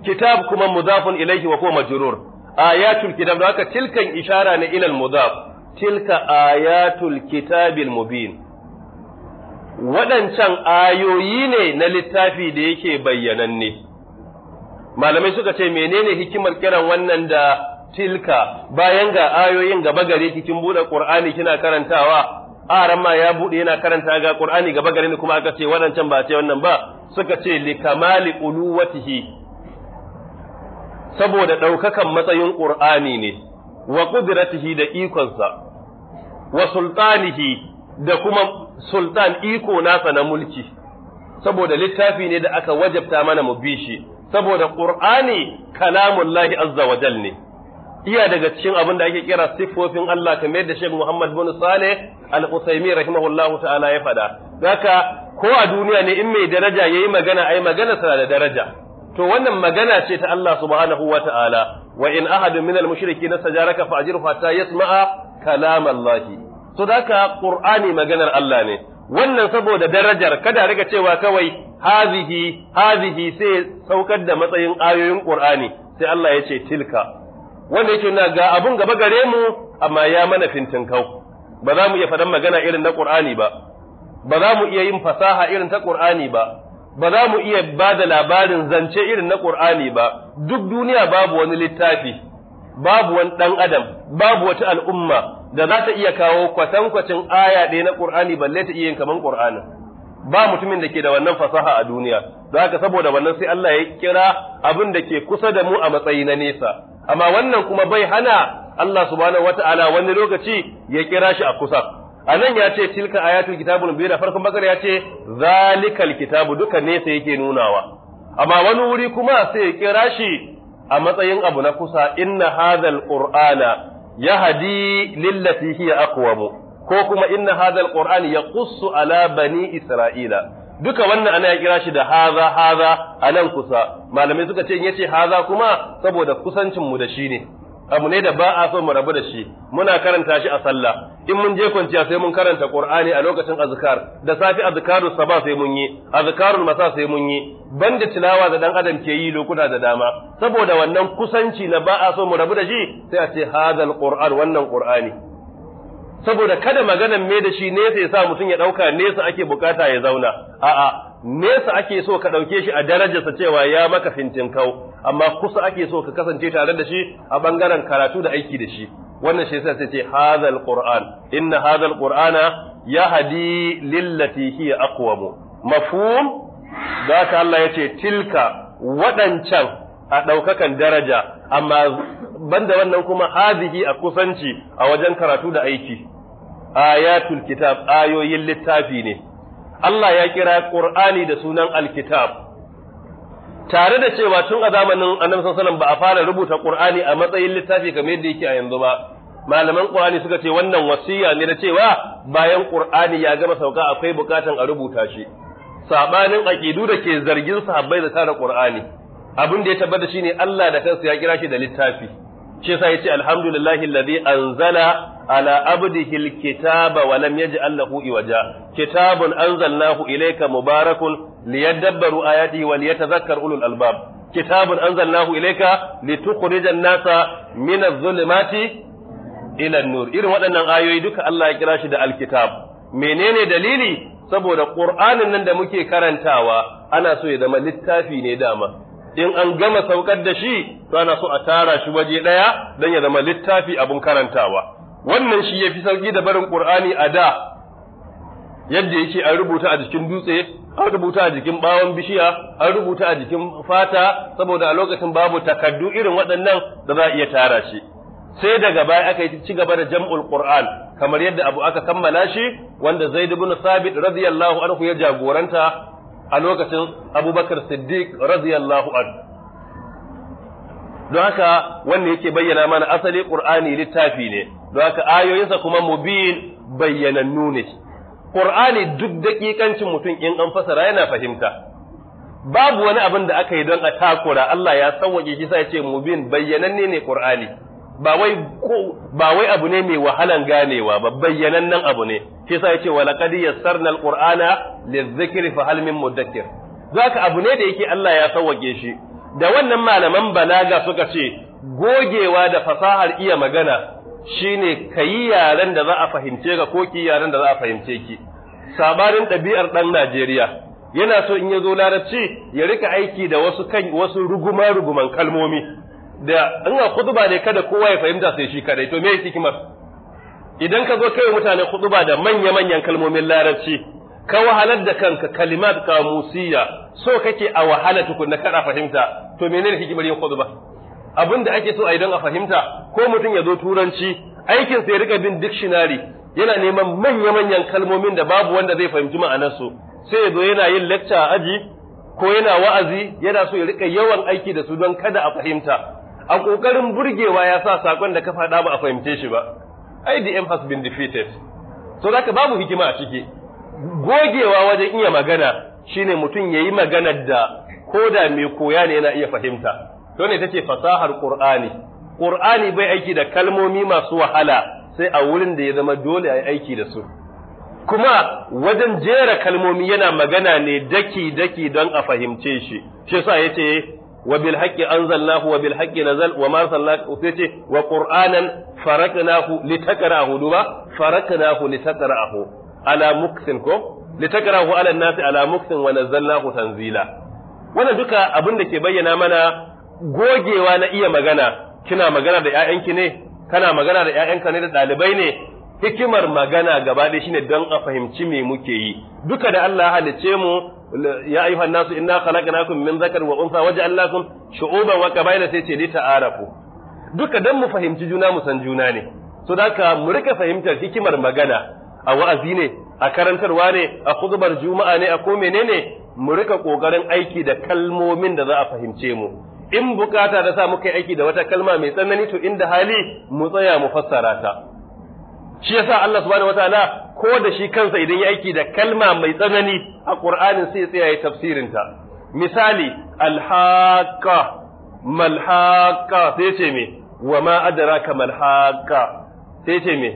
Speaker 1: kitab kuma mudafun ilaihi wa huwa majrur ayatul kitab da haka tilkan ishara ne ilal mudaf tilka ayatul kitabil mubin waɗancan ayoyi ne na littafi da yake bayyananne malamai suka ce menene hikimar kiran wannan da tilka bayan ga ayoyin gaba gare cikin kin bude kina karantawa aramma ya bude yana karanta ga Qur'ani gaba gare ni kuma aka ce wadancan ba ce wannan ba suka ce li kamali uluwatihi saboda daukakan matsayin Qur'ani ne wa qudratihi da ikonsa wa sultanihi da kuma sultan iko nasa na mulki saboda littafi ne da aka wajabta mana mu bi shi saboda Qur'ani kalamullahi azza wajal ne iya daga cikin abin da ake kira siffofin Allah kamar da Sheikh Muhammad bin Saleh Al-Utsaimi rahimahullahu ta'ala ya faɗa. Zaka ko a duniya ne in mai daraja yayi magana ai magana sa da daraja. To wannan magana ce ta Allah subhanahu wa ta'ala wa in ahadun minal mushrikin sajaraka fa'jirhu hatta yasma'a kalam Allah. So zaka Qur'ani maganar Allah ne. Wannan saboda darajar kada riga cewa kawai hazihi hazihi sai saukar da matsayin ayoyin Qur'ani sai Allah ya ce tilka wanda yake na ga abun gaba gare mu amma ya mana fintin kau. ba za mu iya faɗan magana irin na Qur'ani ba ba za mu iya yin fasaha irin ta Qur'ani ba ba za mu iya ba da labarin zance irin na Qur'ani ba duk duniya babu wani littafi babu wani ɗan adam babu wata al'umma da za ta iya kawo kwatan kwatankwacin aya ɗaya na ƙur'ani balle ta iya yin kaman Qur'anin ba mutumin da ke da wannan fasaha a duniya da haka saboda wannan sai Allah ya kira abin da ke kusa da mu a matsayi na nesa amma wannan kuma bai hana Allah subhanahu wata'ala wani lokaci ya kira shi a kusa a nan ya ce tilka ayatul kitabul mubin farkon bakar ya ce zalikal kitabu duka nesa yake nunawa amma wani wuri kuma sai ya kira shi a matsayin abu na kusa inna hadhal qur'ana yahdi lillati hiya aqwam ko kuma inna hadhal qur'ani yaqussu ala bani isra'ila duka wannan ana ya kira shi da haza haza a nan kusa malamai suka ce in yace haza kuma saboda kusancin mu da shi ne abu ne da ba a so mu rabu da shi muna karanta shi a sallah in mun je kwanciya sai mun karanta qur'ani a lokacin azkar da safi azkarus saba sai mun yi azkarul masa sai mun yi banda tilawa da dan adam ke yi lokuta da dama saboda wannan kusanci na ba a so mu rabu da shi sai a ce hadal qur'an wannan qur'ani saboda kada maganan me da shi nesa ya sa mutum ya ɗauka nesa ake bukata ya zauna a'a nesa ake so ka ɗauke shi a darajarsa cewa ya maka fintin kau amma kusa ake so ka kasance tare da shi a ɓangaren karatu da aiki da shi wannan shi yasa sai ce hadhal qur'an inna hadhal qur'ana yahdi lillati hiya aqwamu mafhum ka Allah yace tilka waɗancan a ɗaukakan daraja amma banda wannan kuma hazihi a kusanci a wajen karatu da aiki ayatul kitab ayoyin littafi ne Allah ya kira Qur'ani da sunan alkitab tare da cewa tun a zamanin Annabi sallallahu ba a fara rubuta Qur'ani a matsayin littafi kamar yadda yake a yanzu ba malaman Qur'ani suka ce wannan wasiya ne na cewa bayan Qur'ani ya gama sauka akwai bukatan a rubuta shi sabanin aqidu da ke zargin sahabbai da tare Qur'ani abin da ya tabbata shine Allah da kansa ya kira shi da littafi shi yasa yace alhamdulillahi alladhi anzala ala abdihi alkitaba wa lam yaj'al lahu iwaja kitabun anzalnahu ilayka mubarakun liyadabbaru ayatihi wa liyatadhakkar ulul albab kitabun anzalnahu ilayka litukhrijan nasa min adh-dhulumati ila an-nur irin waɗannan ayoyi duka Allah ya kira shi da alkitab menene dalili saboda qur'anin nan da muke karantawa ana so ya zama littafi ne dama in an gama saukar da shi to ana so a tara shi waje ɗaya don ya zama littafi abin karantawa wannan shi ya fi sauƙi da barin ƙur'ani a da yadda yake an rubuta a jikin dutse an rubuta a jikin bawon bishiya an rubuta a jikin fata saboda a lokacin babu takaddu irin waɗannan da za a iya tara shi sai daga baya aka yi ci gaba da jam'ul qur'an kamar yadda abu aka kammala shi wanda zaid ibn sabit radiyallahu anhu ya jagoranta a lokacin abubakar siddiq radiyallahu an don haka wanda yake bayyana mana asali qur'ani littafi ne don haka ayoyinsa kuma mubin bayyanannu ne qur'ani duk daƙiƙancin mutum in an fasara yana fahimta babu wani abin da aka yi don a takura Allah ya sauwaƙe shi sai ya ce mubin bayyananne ne ƙur'ani. ba wai abu ne mai wahalan ganewa ba nan abu ne shi yasa yace wa laqad yassarna alqur'ana lizikri fa hal min mudakkir zaka abu ne da yake Allah ya sawwake shi da wannan malaman balaga suka ce gogewa da fasahar iya magana shine kayi yaren da za a fahimce ka ko ki yaren da za a fahimce ki sabarin ɗabi'ar ɗan Najeriya yana so in ya zo larabci ya rika aiki da wasu kan wasu ruguma ruguman kalmomi da in a khutba ne kada kowa ya fahimta sai shi kadai to me hikimar idan ka zo kai mutane khutba da manya manyan kalmomin larabci ka wahalar da kanka kalimat kamusiya so kake a wahala tukunna kada fahimta to menene hikimar yin khutba abin da ake so a idan a fahimta ko mutum ya zo turanci aikin sai ya rika bin dictionary yana neman manya manyan kalmomin da babu wanda zai fahimci ma'anar su sai ya zo yana yin lecture a aji ko yana wa'azi yana so ya rika yawan aiki da su don kada a fahimta a ƙoƙarin burgewa ya sa sakon da ka faɗa ba a fahimce shi ba IDM has been defeated so ka babu hikima a ciki gogewa wajen iya magana shine mutum ya yi maganar da ko da mai koya ne yana iya fahimta to ne ce fasahar Qur'ani Qur'ani bai aiki da kalmomi masu wahala sai a wurin da ya zama dole a aiki da su kuma wajen jera kalmomi yana magana ne daki daki don a fahimce shi shi yasa yace wa bil haqqi anzalnahu wa bil haqqi nazal wa ma sallahu sai ce wa qur'anan faraknahu litaqra'ahu duba faraknahu litaqra'ahu ala muksin ko litaqra'ahu ala nasi ala muksin wa nazzalnahu tanzila wannan duka abin da ke bayyana mana gogewa na iya magana kina magana da ƴaƴanki ne kana magana da ƴaƴanka ne da ɗalibai ne hikimar magana gaba ɗaya shine don a fahimci me muke yi duka da Allah ya halice mu ya ayyuha nasu inna khalaqnakum min zakar wa unsa waja'alnakum shu'uban wa qabaila sai ce lita'arafu duka dan mu fahimci juna mu san juna ne so daka mu rika fahimtar hikimar magana a wa'azi ne a karantarwa ne a khutbar juma'a ne a ko menene mu rika kokarin aiki da kalmomin da za a fahimce mu in bukata da sa muka yi aiki da wata kalma mai tsanani to inda hali mu tsaya mu fassara ta shi yasa Allah subhanahu wataala ko da shi kansa idan ya aiki da kalma mai tsanani a Qur'anin sai ya tsaya ya tafsirin ta misali alhaqa malhaqa sai ce me wa ma adraka malhaqa sai ce me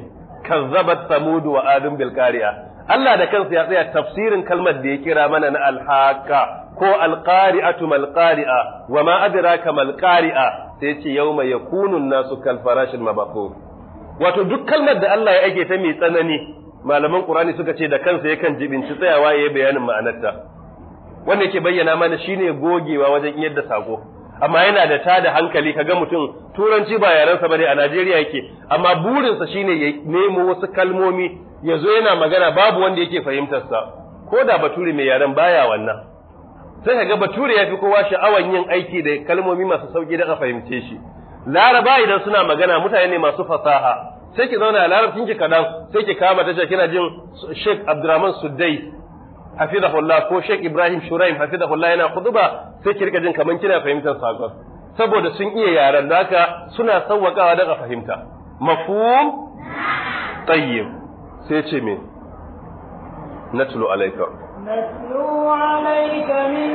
Speaker 1: kazzabat samud wa adun bil qari'a Allah da kansa ya tsaya tafsirin kalmar da ya kira mana na alhaqa ko alqari'atu malqari'a wa ma adraka malqari'a sai ce yawma yakunu an-nasu kal farashil mabthur wato duk kalmar da Allah ya ake ta mai tsanani malaman Qur'ani suka ce da kansa yakan jibinci tsayawa yayin bayanin ma'anarta wanda yake bayyana mana shine gogewa wajen yadda sako amma yana da ta da hankali kaga mutum turanci ba yaran sa bane a Najeriya yake amma burinsa shine ya nemo wasu kalmomi yazo yana magana babu wanda yake fahimtar sa ko da bature mai yaren baya wannan sai kaga bature yafi kowa sha'awan yin aiki da kalmomi masu sauki da ka fahimce shi laraba idan suna magana mutane ne masu fasaha sai ki zauna a larabcin ki kadan sai ki kama ta kina jin Sheikh Abdurrahman Suddai hafizahullah ko Sheikh Ibrahim Shuraim hafizahullah yana khutba sai ki rika jin kaman kina fahimtar sakon saboda sun iya yaran haka suna sawwakawa daga fahimta mafhum tayyib sai ce me natlu alayka
Speaker 2: natlu alayka min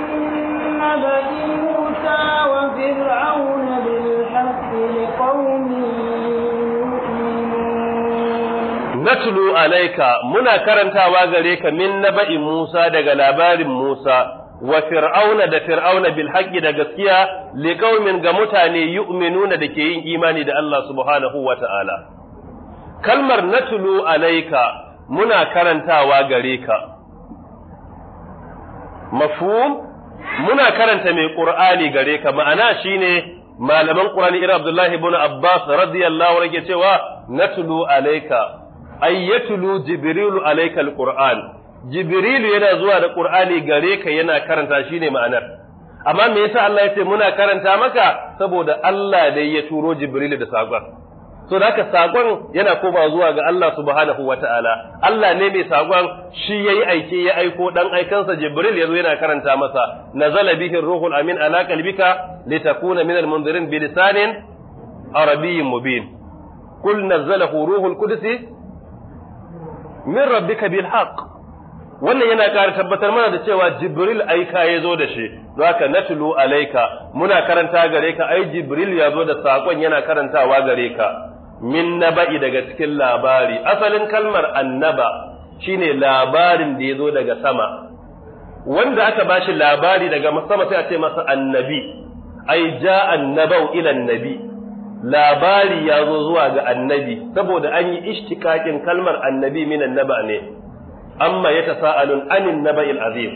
Speaker 2: nabai musa wa fir'auna bil
Speaker 1: natulu alaika muna karantawa gare ka min ba'in Musa daga labarin Musa wa fir'auna da fir'auna bil haqqi da gaskiya li qaumin ga mutane yu'minuna da ke yin imani da Allah subhanahu wa ta'ala kalmar natulu alaika muna karantawa gare ka mafhum muna karanta mai qur'ani gare ka ma'ana shine malaman Qur'ani irin Abdullahi ibn Abbas radiyallahu anhu yake cewa natulu alayka ay yatlu jibrilu alayka alquran jibrilu yana zuwa da qur'ani gare ka yana karanta shine ma'anar amma me yasa Allah ya ce muna karanta maka saboda Allah dai ya turo jibrilu da sakon to da haka sakon yana koma zuwa ga Allah subhanahu wa ta'ala. Allah ne mai sakon shi yayi aiki ya aiko ɗan aikansa Jibril yazo yana karanta masa nazala bihi ruhul amin ala kalbika litakuna minal mundirin bi lisanin arabiyyin mubin kul zala ruhul qudus min rabbika bil haqq wannan yana ƙara tabbatar mana da cewa Jibril aika ya zo da shi, haka natulu alaika muna karanta gare ka ai Jibril ya zo da saƙon yana karantawa gare ka. min naba'i daga cikin labari asalin kalmar annaba shine labarin da ya zo daga sama wanda aka bashi labari daga sama sai a ce masa annabi ai ja annabau ila annabi labari ya zo zuwa ga annabi saboda an yi ishtikakin kalmar annabi min annaba ne amma yatasaalun anin naba'il azim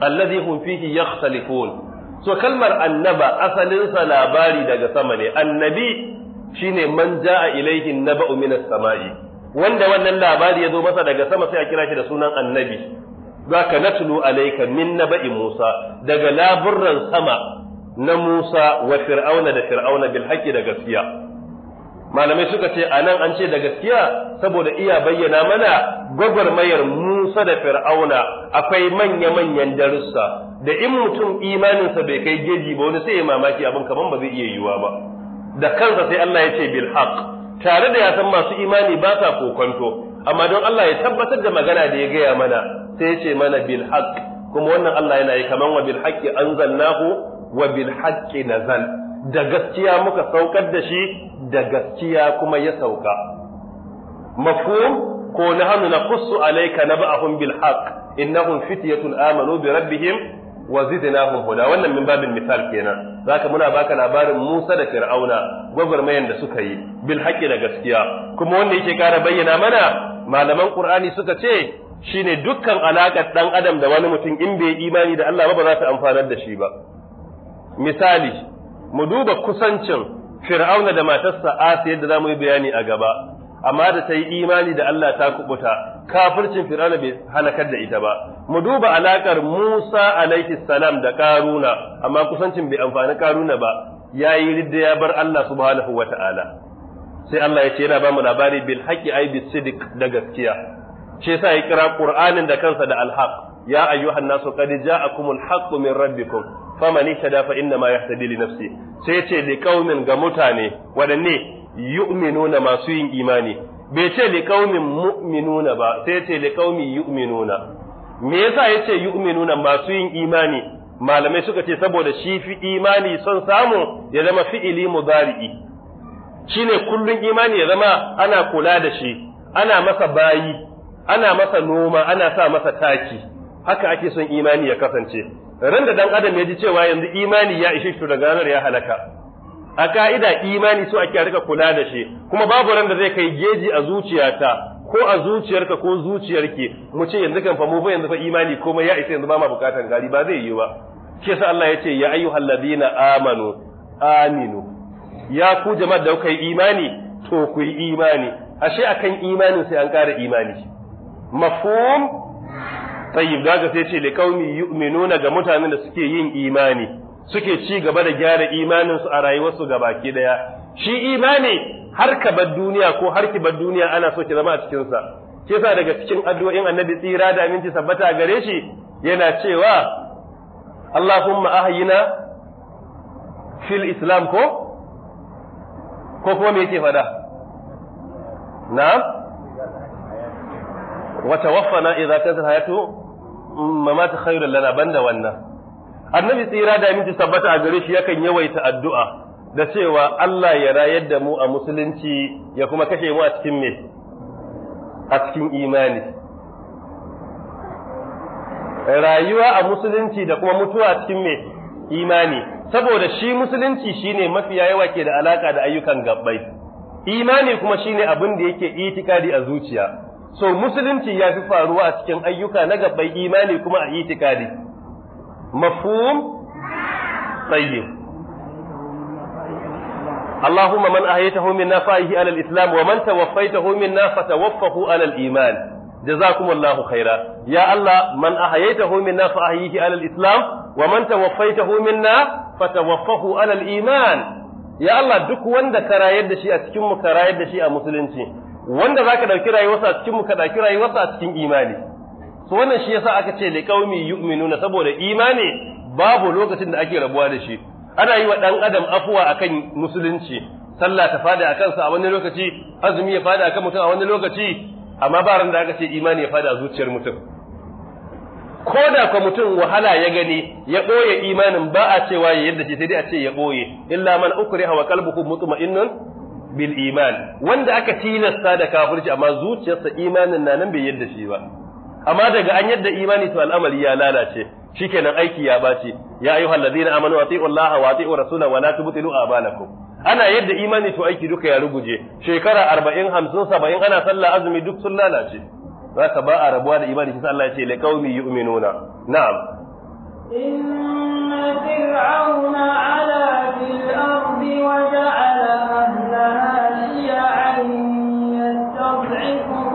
Speaker 1: allazi hum fihi yakhtalifun so kalmar annaba asalinsa labari daga sama ne annabi shine man a ilaihi na minas sama'i wanda wannan labari ya zo masa daga sama sai a kira shi da sunan annabi zaka natlu alaika min ba'i Musa daga laburran sama na Musa wa fir'auna da fir'auna bil haqqi da gaskiya malamai suka ce anan an ce da gaskiya saboda iya bayyana mana gwagwarmayar Musa da fir'auna akwai manya-manyan darussa da in mutum imaninsa bai kai geji ba wani sai ya mamaki abin kaman ba zai iya yiwuwa ba da kansa sai Allah ya ce bil haq tare da ya san masu imani ba sa kokonto amma don Allah ya tabbatar da magana da ya gaya mana sai ya ce mana bil haq. kuma wannan Allah yana yi kaman wa bil haqqi anzalnahu wa bil haqqi nazal da gaskiya muka saukar da shi da gaskiya kuma ya sauka mafhum ko na na nahnu alaika na naba'ahum bil haqq innahum fityatun amanu bi rabbihim wa zidnahum huda wannan min babin misal kenan zaka muna baka labarin Musa da Fir'auna gwagwarmayan da suka yi bil haqqi da gaskiya kuma wanda yake kara bayyana mana malaman Qur'ani suka ce shine dukkan alakar dan adam da wani mutum in bai imani da Allah ba ba za ta amfanar da shi ba misali mu duba kusancin Fir'auna da matarsa Asiya da zamu yi bayani a gaba amma da ta yi imani da Allah ta kubuta kafircin fir'auna bai halakar da ita ba mu duba alakar Musa alaihi salam da Karuna amma kusancin bai amfani Karuna ba yayi ridda ya bar Allah subhanahu wata'ala sai Allah ya ce yana ba mu labari bil haqqi ay bis sidq da gaskiya shi yasa ya kira Qur'anin da kansa da al-haq يا أيها الناس قد inna ma yahtadi li nafsi sai ya ce dai سيتي ga mutane wadanne yu'minuna masu yin imani bai ce kaumin mu'minuna ba sai ce liqaumi yu'minuna me yasa yace yu'minuna masu yin imani malamai suka ce saboda shi fi imani son samu ya zama fi'ili mudari'i shine kullun imani ya zama ana kula da shi ana masa bayi ana masa noma ana sa masa taki haka ake son imani ya kasance ran da dan adam ya ji cewa yanzu imani ya ishe shi daga ranar ya halaka a ka'ida imani so ake rika kula da shi kuma babu ran da zai kai geji a zuciyata ko a zuciyarka ko zuciyarki mu ce yanzu kan fa mu yanzu fa imani komai ya isa yanzu ba ma bukatan gari ba zai yi ba shi yasa Allah ya ce ya ayyuhal ladina amanu aminu ya ku jama'a da kuka yi imani to ku yi imani ashe akan imanin sai an ƙara imani mafhum tayyib ga sai ce qaumi yu'minuna ga mutanen da suke yin imani suke ci gaba da gyara imaninsu a rayuwarsu ga baki daya shi imani har ka bar duniya ko har ki bar duniya ana so ki zama a cikin sa ke sa daga cikin addu'o'in annabi tsira da aminci sabbata gare shi yana cewa Allahumma ahyina fil islam ko ko kuma me yake fada
Speaker 2: na wa tawaffana
Speaker 1: idza tasal hayatu mamata khairul lana banda wannan annabi tsira da aminci tabbata a gare shi yakan yawaita addu'a da cewa Allah ya rayar da mu a musulunci ya kuma kashe mu a cikin me a cikin imani rayuwa a musulunci da kuma mutuwa a cikin me imani saboda shi musulunci shine mafi yawa ke da alaka da ayyukan gabbai imani kuma shine abin da yake itikadi a zuciya so musulunci ya fi faruwa a cikin ayyuka na gabbai imani kuma a itikadi mafhum tayyib اللهم من أحييته منا فأحيه على الإسلام ومن توفيته منا فتوفه على الإيمان جزاكم الله خيرا يا الله من أحييته منا فأحيه على الإسلام ومن توفيته منا فتوفه على الإيمان ya Allah duk wanda ka rayar da shi a cikin mu ka rayar da shi a musulunci wanda zaka dauki rayuwarsa a cikin mu ka dauki rayuwarsa a cikin imani to wannan shi yasa aka ce liqaumi yu'minuna saboda imani babu lokacin da ake rabuwa da shi ana yi wa dan adam afuwa akan musulunci sallah ta fada akan sa a wani lokaci azumi ya fada akan mutum a wani lokaci amma ba ran da aka ce imani ya fada zuciyar mutum ko da kwa mutum wahala ya gani ya boye imanin ba a cewa ya yadda ce sai dai a ce ya boye illa man ukriha wa qalbuhu mutma'innun bil iman wanda aka tilasta da kafirci amma zuciyarsa imanin na nan bai yadda shi ba amma daga an yadda imani to al'amari ya lalace shikenan aiki ya bace ya ayyuhal ladina amanu atiiu Allah wa atiiu rasula wa la tubtilu a'malakum ana yadda imani to aiki duka ya ruguje shekara arba'in hamsin saba'in ana sallah azumi duk sun lalace zaka ba a rabuwa da imani sai Allah ya ce liqaumi yu'minuna na'am
Speaker 2: inna fir'auna ala fil ardi wa ja'ala ahlaha shi'an yastad'ifu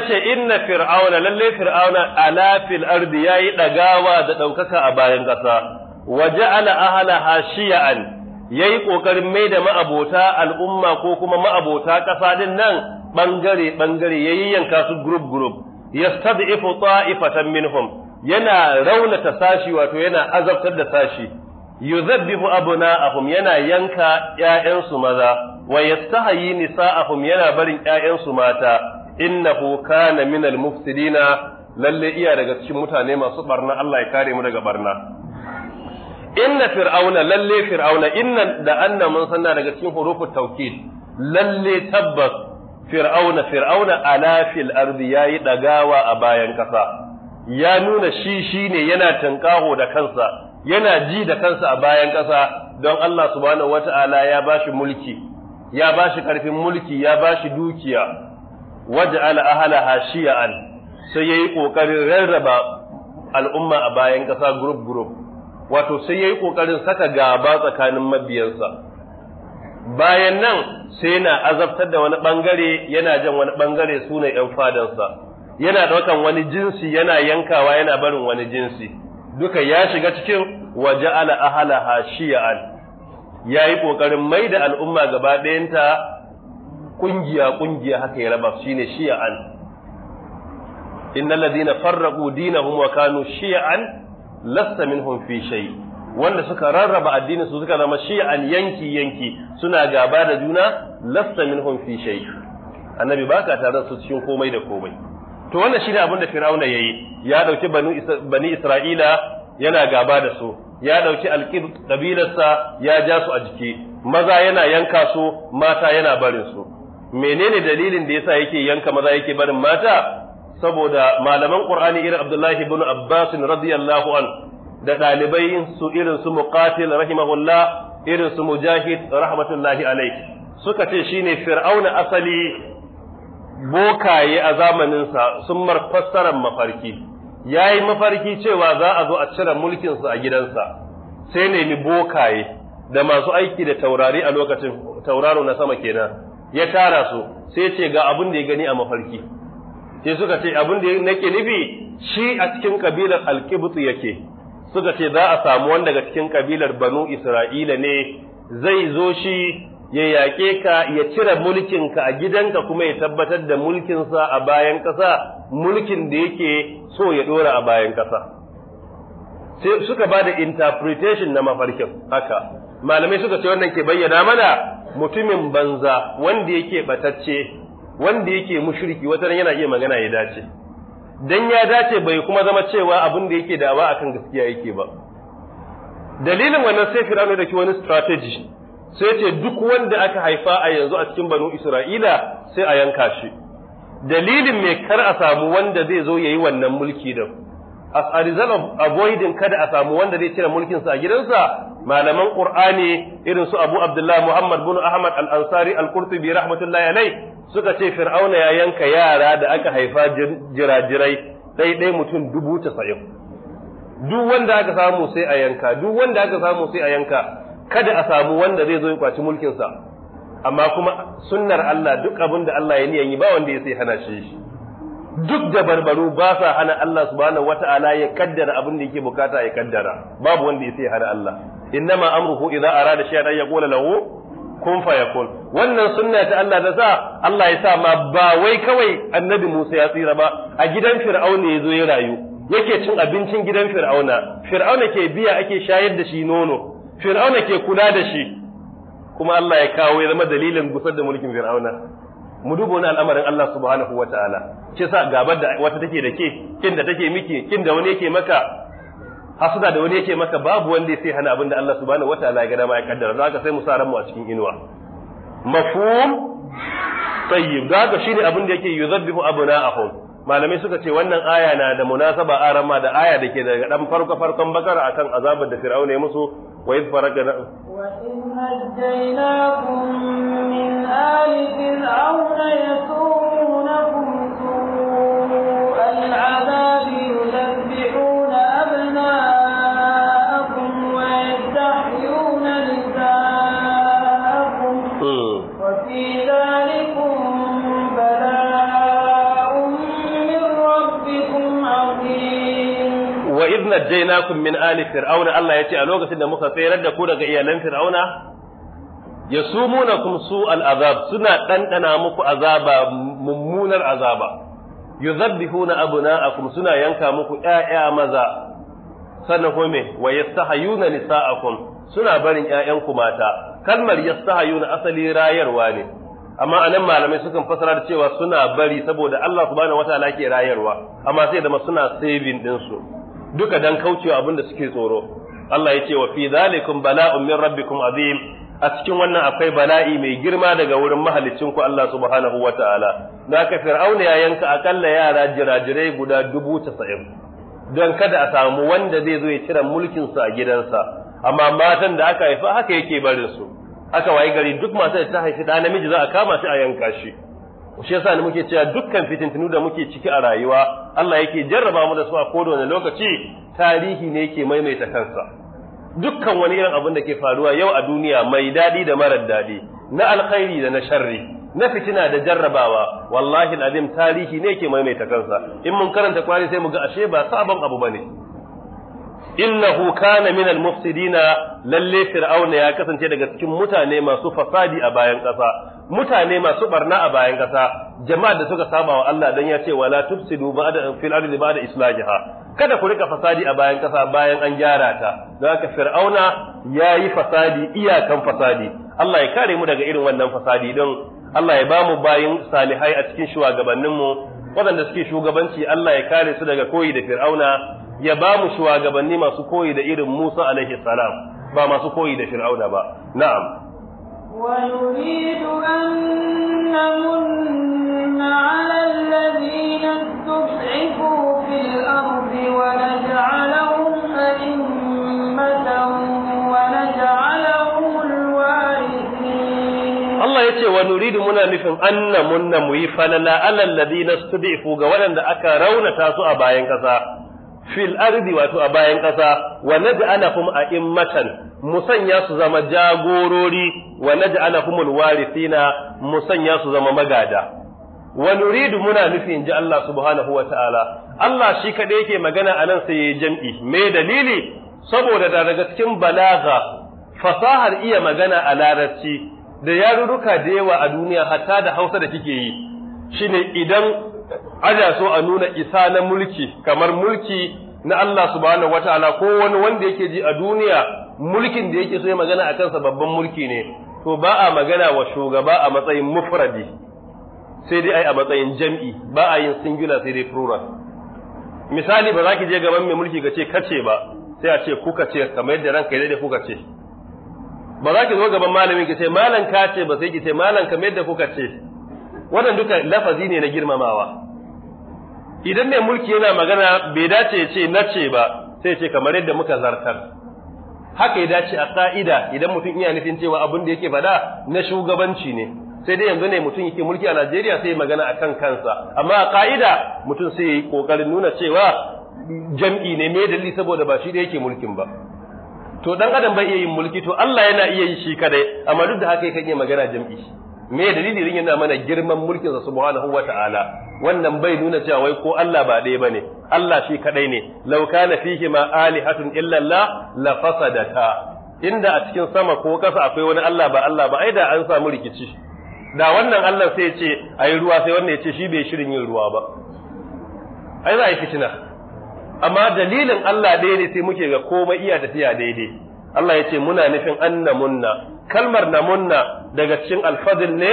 Speaker 1: Yace ce inna fir'auna lalle fir'auna ala fil ardi yayi dagawa da daukaka a bayan kasa waja'ala ahla hashiyan yayi kokarin mai da ma'abota al'umma ko kuma ma'abota kasa din nan bangare bangare yayi yanka su group group yastad'ifu ta'ifatan minhum yana raunata sashi wato yana azabtar da sashi yuzabbihu abna'ahum yana yanka ƴaƴansu maza wa yastahayi nisa'ahum yana barin ƴaƴansu mata innahu kana minal mufsidina lalle iya daga cikin mutane masu barna Allah ya kare mu daga barna inna fir'auna lalle fir'auna inna da anna mun sanna daga cikin hurufut tawkid lalle tabbas fir'auna fir'auna ala fil ardi yayi dagawa a bayan kasa ya nuna shi shine yana tankaho da kansa yana ji da kansa a bayan kasa don Allah subhanahu wata'ala ya bashi mulki ya bashi karfin mulki ya bashi dukiya waj'al ahlaha shi'an sai yayi kokarin rarraba al'umma a bayan kasa group group wato sai yayi kokarin saka gaba tsakanin mabiyansa bayan nan sai yana azabtar da wani bangare yana jan wani bangare sune yan fadansa yana daukan wani jinsi yana yankawa yana barin wani jinsi duka ya shiga cikin waj'al ahlaha shi'an yayi kokarin maida al'umma gaba ɗayanta kungiya kungiya haka ya raba shine shi'an innal ladina farraqu dinahum wa kanu shi'an lasta minhum fi shay wanda suka rarraba addinin su suka zama shi'an yanki yanki suna gaba da juna lasta minhum fi shay annabi baka tare su cikin komai da komai to wannan shine abin da fir'auna ya yi ya dauki bani isra'ila yana gaba da su ya dauki alqib kabilarsa ya ja su a jiki maza yana yanka su mata yana barin su menene dalilin da yasa yake yanka maza yake barin mata saboda malaman Qur'ani irin Abdullahi ibn Abbas radiyallahu an da dalibai su irin su Muqatil rahimahullah irin su Mujahid rahmatullahi alayh suka ce shine Fir'auna asali bokaye a zamanin sa sun fassarar mafarki yayi mafarki cewa za a zo a cire mulkin su a gidansa sai ne bokaye da masu aiki da taurari a lokacin tauraro na sama kenan ya tara su sai ce ga abin da ya gani a mafarki sai suka ce abin da nake nufi shi a cikin kabilar alkibutu yake suka ce za a samu wanda daga cikin kabilar banu isra'ila ne zai zo shi ya yaƙe ka ya cire mulkinka a gidanka kuma ya tabbatar da mulkinsa a bayan ƙasa mulkin da yake so ya ɗora a bayan ƙasa sai suka ba da interpretation na mafarkin haka malamai suka ce wannan ke bayyana mana mutumin banza wanda yake batacce wanda yake mushriki wata ran yana iya magana ya dace dan ya dace bai kuma zama cewa abin da yake dawa akan gaskiya yake ba dalilin wannan sai fir'auna da ke wani strategy sai ce duk wanda aka haifa a yanzu a cikin banu isra'ila sai a yanka shi dalilin mai kar a samu wanda zai zo yayi wannan mulki da ku. as a result of avoiding kada a samu wanda zai cire mulkinsa a gidansa malaman qur'ani irin su abu abdullah muhammad bin ahmad al-ansari al-qurtubi rahmatullahi alai suka ce fir'auna ya yanka yara da aka haifa jirajirai daidai mutum dubu tasa'in duk wanda aka samu sai a yanka duk wanda aka samu sai a yanka kada a samu wanda zai zo ya kwaci mulkinsa amma kuma sunnar Allah duk abin da Allah ya yi ba wanda ya sai hana shi duk da barbaru ba sa hana Allah subhanahu wata'ala ya kaddara abin da yake bukata ya kaddara babu wanda ya sai har Allah innama amruhu idza arada shay'an yaqulu lahu kun fa yakul wannan sunna ta Allah da sa Allah ya sa ma ba wai kawai annabi Musa ya tsira ba a gidan Fir'auna ya zo ya rayu yake cin abincin gidan Fir'auna Fir'auna ke biya ake shayar da shi nono Fir'auna ke kula da shi kuma Allah ya kawo ya zama dalilin gusar da mulkin Fir'auna mu duba wani al'amarin Allah subhanahu wa ta'ala ce sa gabar da wata take da ke kin da take miki kin da wani yake maka hasuda da wani yake maka babu wanda sai hana abin da Allah subhanahu wa ta'ala ya ga dama ya kaddara za ka sai mu sa ranmu a cikin inuwa mafhum tayyib da ka shine abin da yake yuzabbihu abna'ahum malamai suka ce wannan aya na da munasaba arama da aya da ke daga ɗan farko farkon bakara akan azabar da fir'auna ya musu wa idh wa min najjaynakum min ali fir'auna Allah ya ce a lokacin da muka tsayar da ku daga iyalan fir'auna yasumunakum su al'azab suna dandana muku azaba mummunar azaba yuzabbihuna abna'akum suna yanka muku ƴaƴa maza sannan ko me wa yastahayuna nisa'akum suna barin ƴaƴanku mata kalmar yastahayuna asali rayarwa ne amma anan malamai sukan fasara da cewa suna bari saboda Allah subhanahu wataala ke rayarwa amma sai da suna saving din su duka dan kaucewa abin da suke tsoro Allah ya ce wa fi zalikum bala'un min rabbikum azim a cikin wannan akwai bala'i mai girma daga wurin mahallicin ku Allah subhanahu wata'ala da ka fir'auna ya yanka akalla yara jirajirai guda dubu tasa'in don kada a samu wanda zai zo ya cire mulkin su a gidansa amma matan da aka haifa haka yake barin su aka wayi gari duk masu da ta haifi da namiji za a kama shi a yanka shi shi yasa ne muke cewa dukkan fitintunu da muke ciki a rayuwa Allah yake jarraba mu da su a kowane lokaci tarihi ne yake maimaita kansa dukkan wani irin abin da ke faruwa yau a duniya mai dadi da marar dadi na alkhairi da na sharri na fitina da jarrabawa wallahi alazim tarihi ne yake maimaita kansa in mun karanta kwari sai mu ga ashe ba sabon abu bane innahu kana minal mufsidina lalle fir'auna ya kasance daga cikin mutane masu fasadi a bayan kasa. mutane masu barna a bayan kasa, jama'a da suka saba wa Allah dan ya ce wala tufsidu ba'da fil ardi ba'da islahiha kada ku rika fasadi a bayan kasa bayan an gyara ta don haka fir'auna yayi fasadi iyakan fasadi Allah ya kare mu daga irin wannan fasadi don Allah ya bamu bayin salihai a cikin shugabanninmu waɗanda suke shugabanci Allah ya kare su daga koyi da fir'auna ya ba mu shugabanni masu koyi da irin Musa alaihi salam ba masu koyi da Fir'auna ba na'am
Speaker 2: wa yuridu an namunna 'ala alladhina istud'ifu fil ardi wa naj'alahum a'immatan wa naj'alahum al-warithin
Speaker 1: Allah yace wa nuridu muna nufin annamunna muyi falala 'ala alladhina istud'ifu ga waɗanda aka raunata su a bayan kasa fil ardi wato a bayan ƙasa wa a immatan musanya su zama jagorori wa naj'alakum warisina musanya su zama magada wa nuridu muna nufi inji Allah subhanahu wa ta'ala Allah shi kaɗai yake magana anan sai ya jam'i me dalili saboda da daga cikin balaga fasahar iya magana a larabci da yarurruka da yawa a duniya hatta da Hausa da kike yi shine idan aja so a nuna isa na mulki kamar mulki na Allah subhanahu wataala ko wani wanda yake ji a duniya mulkin da yake so ya magana a kansa babban mulki ne to ba a magana wa shugaba a matsayin mufradi sai dai ai a matsayin jam'i ba a yin singular sai dai plural misali ba za ki je gaban mai mulki ka ce kace ba sai a ce kuka ce kamar yadda ranka ya daidai kuka ce ba za ki zo gaban malamin ki ce malam ka ce ba sai ki ce malam kamar yadda kuka ce wannan duka lafazi ne na girmamawa idan mai mulki yana magana bai dace ya ce na ce ba sai ce kamar yadda muka zartar haka ya dace a ka'ida idan mutum iya nufin cewa abin da yake faɗa na shugabanci ne sai dai yanzu ne mutum yake mulki a Najeriya sai magana a kan kansa amma a ka'ida mutum sai yi kokarin nuna cewa jam'i ne mai dalili saboda ba shi da yake mulkin ba to dan adam bai iya yin mulki to Allah yana iya yi shi kadai amma duk da haka yakan iya magana jam'i me dalili din yana mana girman mulkin sa subhanahu ta'ala. wannan bai nuna cewa wai ko Allah ba ɗaya bane Allah shi kadai ne law kana fihi ma alihatun illa Allah la fasadata inda a cikin sama ko kasa akwai wani Allah ba Allah ba ai da an samu rikici da wannan Allah sai ya ce ayi ruwa sai wannan ya ce shi bai shirin yin ruwa ba ai za a yi fitina amma dalilin Allah ɗaya ne sai muke ga komai iya tafiya daidai Allah ya ce muna nufin anna munna kalmar namunna daga cikin alfadil ne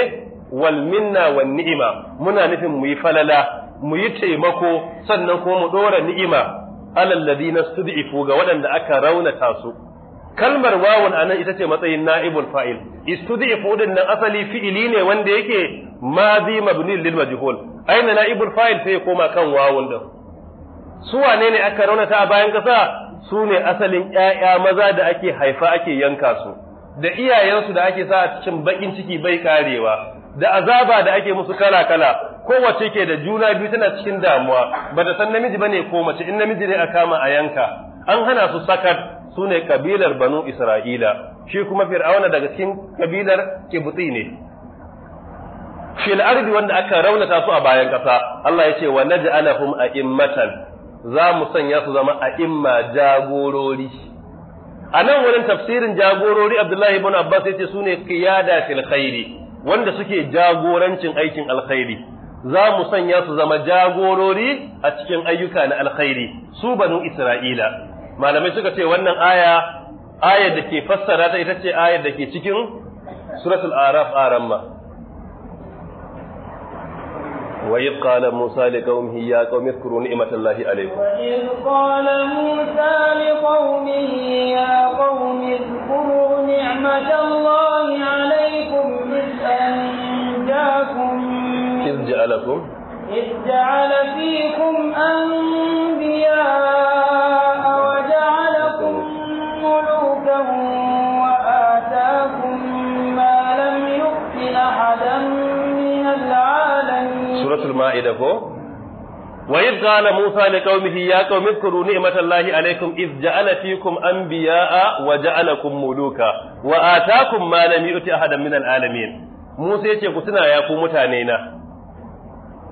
Speaker 1: wal minna wan ni'ima muna nufin mu yi falala mu yi taimako sannan kuma mu dora ni'ima alal ladina sud'ifu ga waɗanda aka raunata su kalmar wawun anan ita ce matsayin na'ibul fa'il istud'ifu din nan asali fi'ili ne wanda yake mazi mabni lil majhul aina na'ibul fa'il sai koma kan wawun din su wane ne aka raunata a bayan kasa su ne asalin ‘ya'ya maza da ake haifa ake yanka su, da iyayensu da ake sa a cikin baƙin ciki bai karewa, da azaba da ake musu kala-kala, kowace ke da juna biyu tana cikin damuwa, ba da san namiji ba ne ko mace in namiji ne a kama a yanka, an hana su sakar su ne kabilar banu Isra'ila, shi kuma fir'auna daga cikin kabilar kibutsi ne. Fil wanda aka raunata su a bayan ƙasa, Allah ya ce wa a immatan, za mu sanya su zama a imma jagorori a nan wurin tafsirin jagorori abdullahi ibn abbas ya ce su ne qiyada khairi wanda suke jagorancin aikin alkhairi za mu sanya su zama jagorori a cikin ayyuka na alkhairi su banu isra'ila malamai suka ce wannan aya ayar da ke fassara ta ita ce ayar da ke cikin suratul araf aramma وإذ قال موسى لقومه يا قوم اذكروا نعمة الله عليكم
Speaker 2: وإذ قال موسى لقومه يا قوم اذكروا نعمة الله عليكم إذ أنجاكم
Speaker 1: إذ جعلكم
Speaker 2: إذ جعل فيكم أنبياء وجعلكم ملوكا suratul
Speaker 1: ma'ida ko wa idh qala musa liqaumihi ya qaumi zkuru ni'matallahi alaykum idh ja'ala fikum anbiya'a wa ja'alakum muluka wa ataakum ma lam yu'ti ahadan minal alamin musa yace ku tuna ya ku mutane na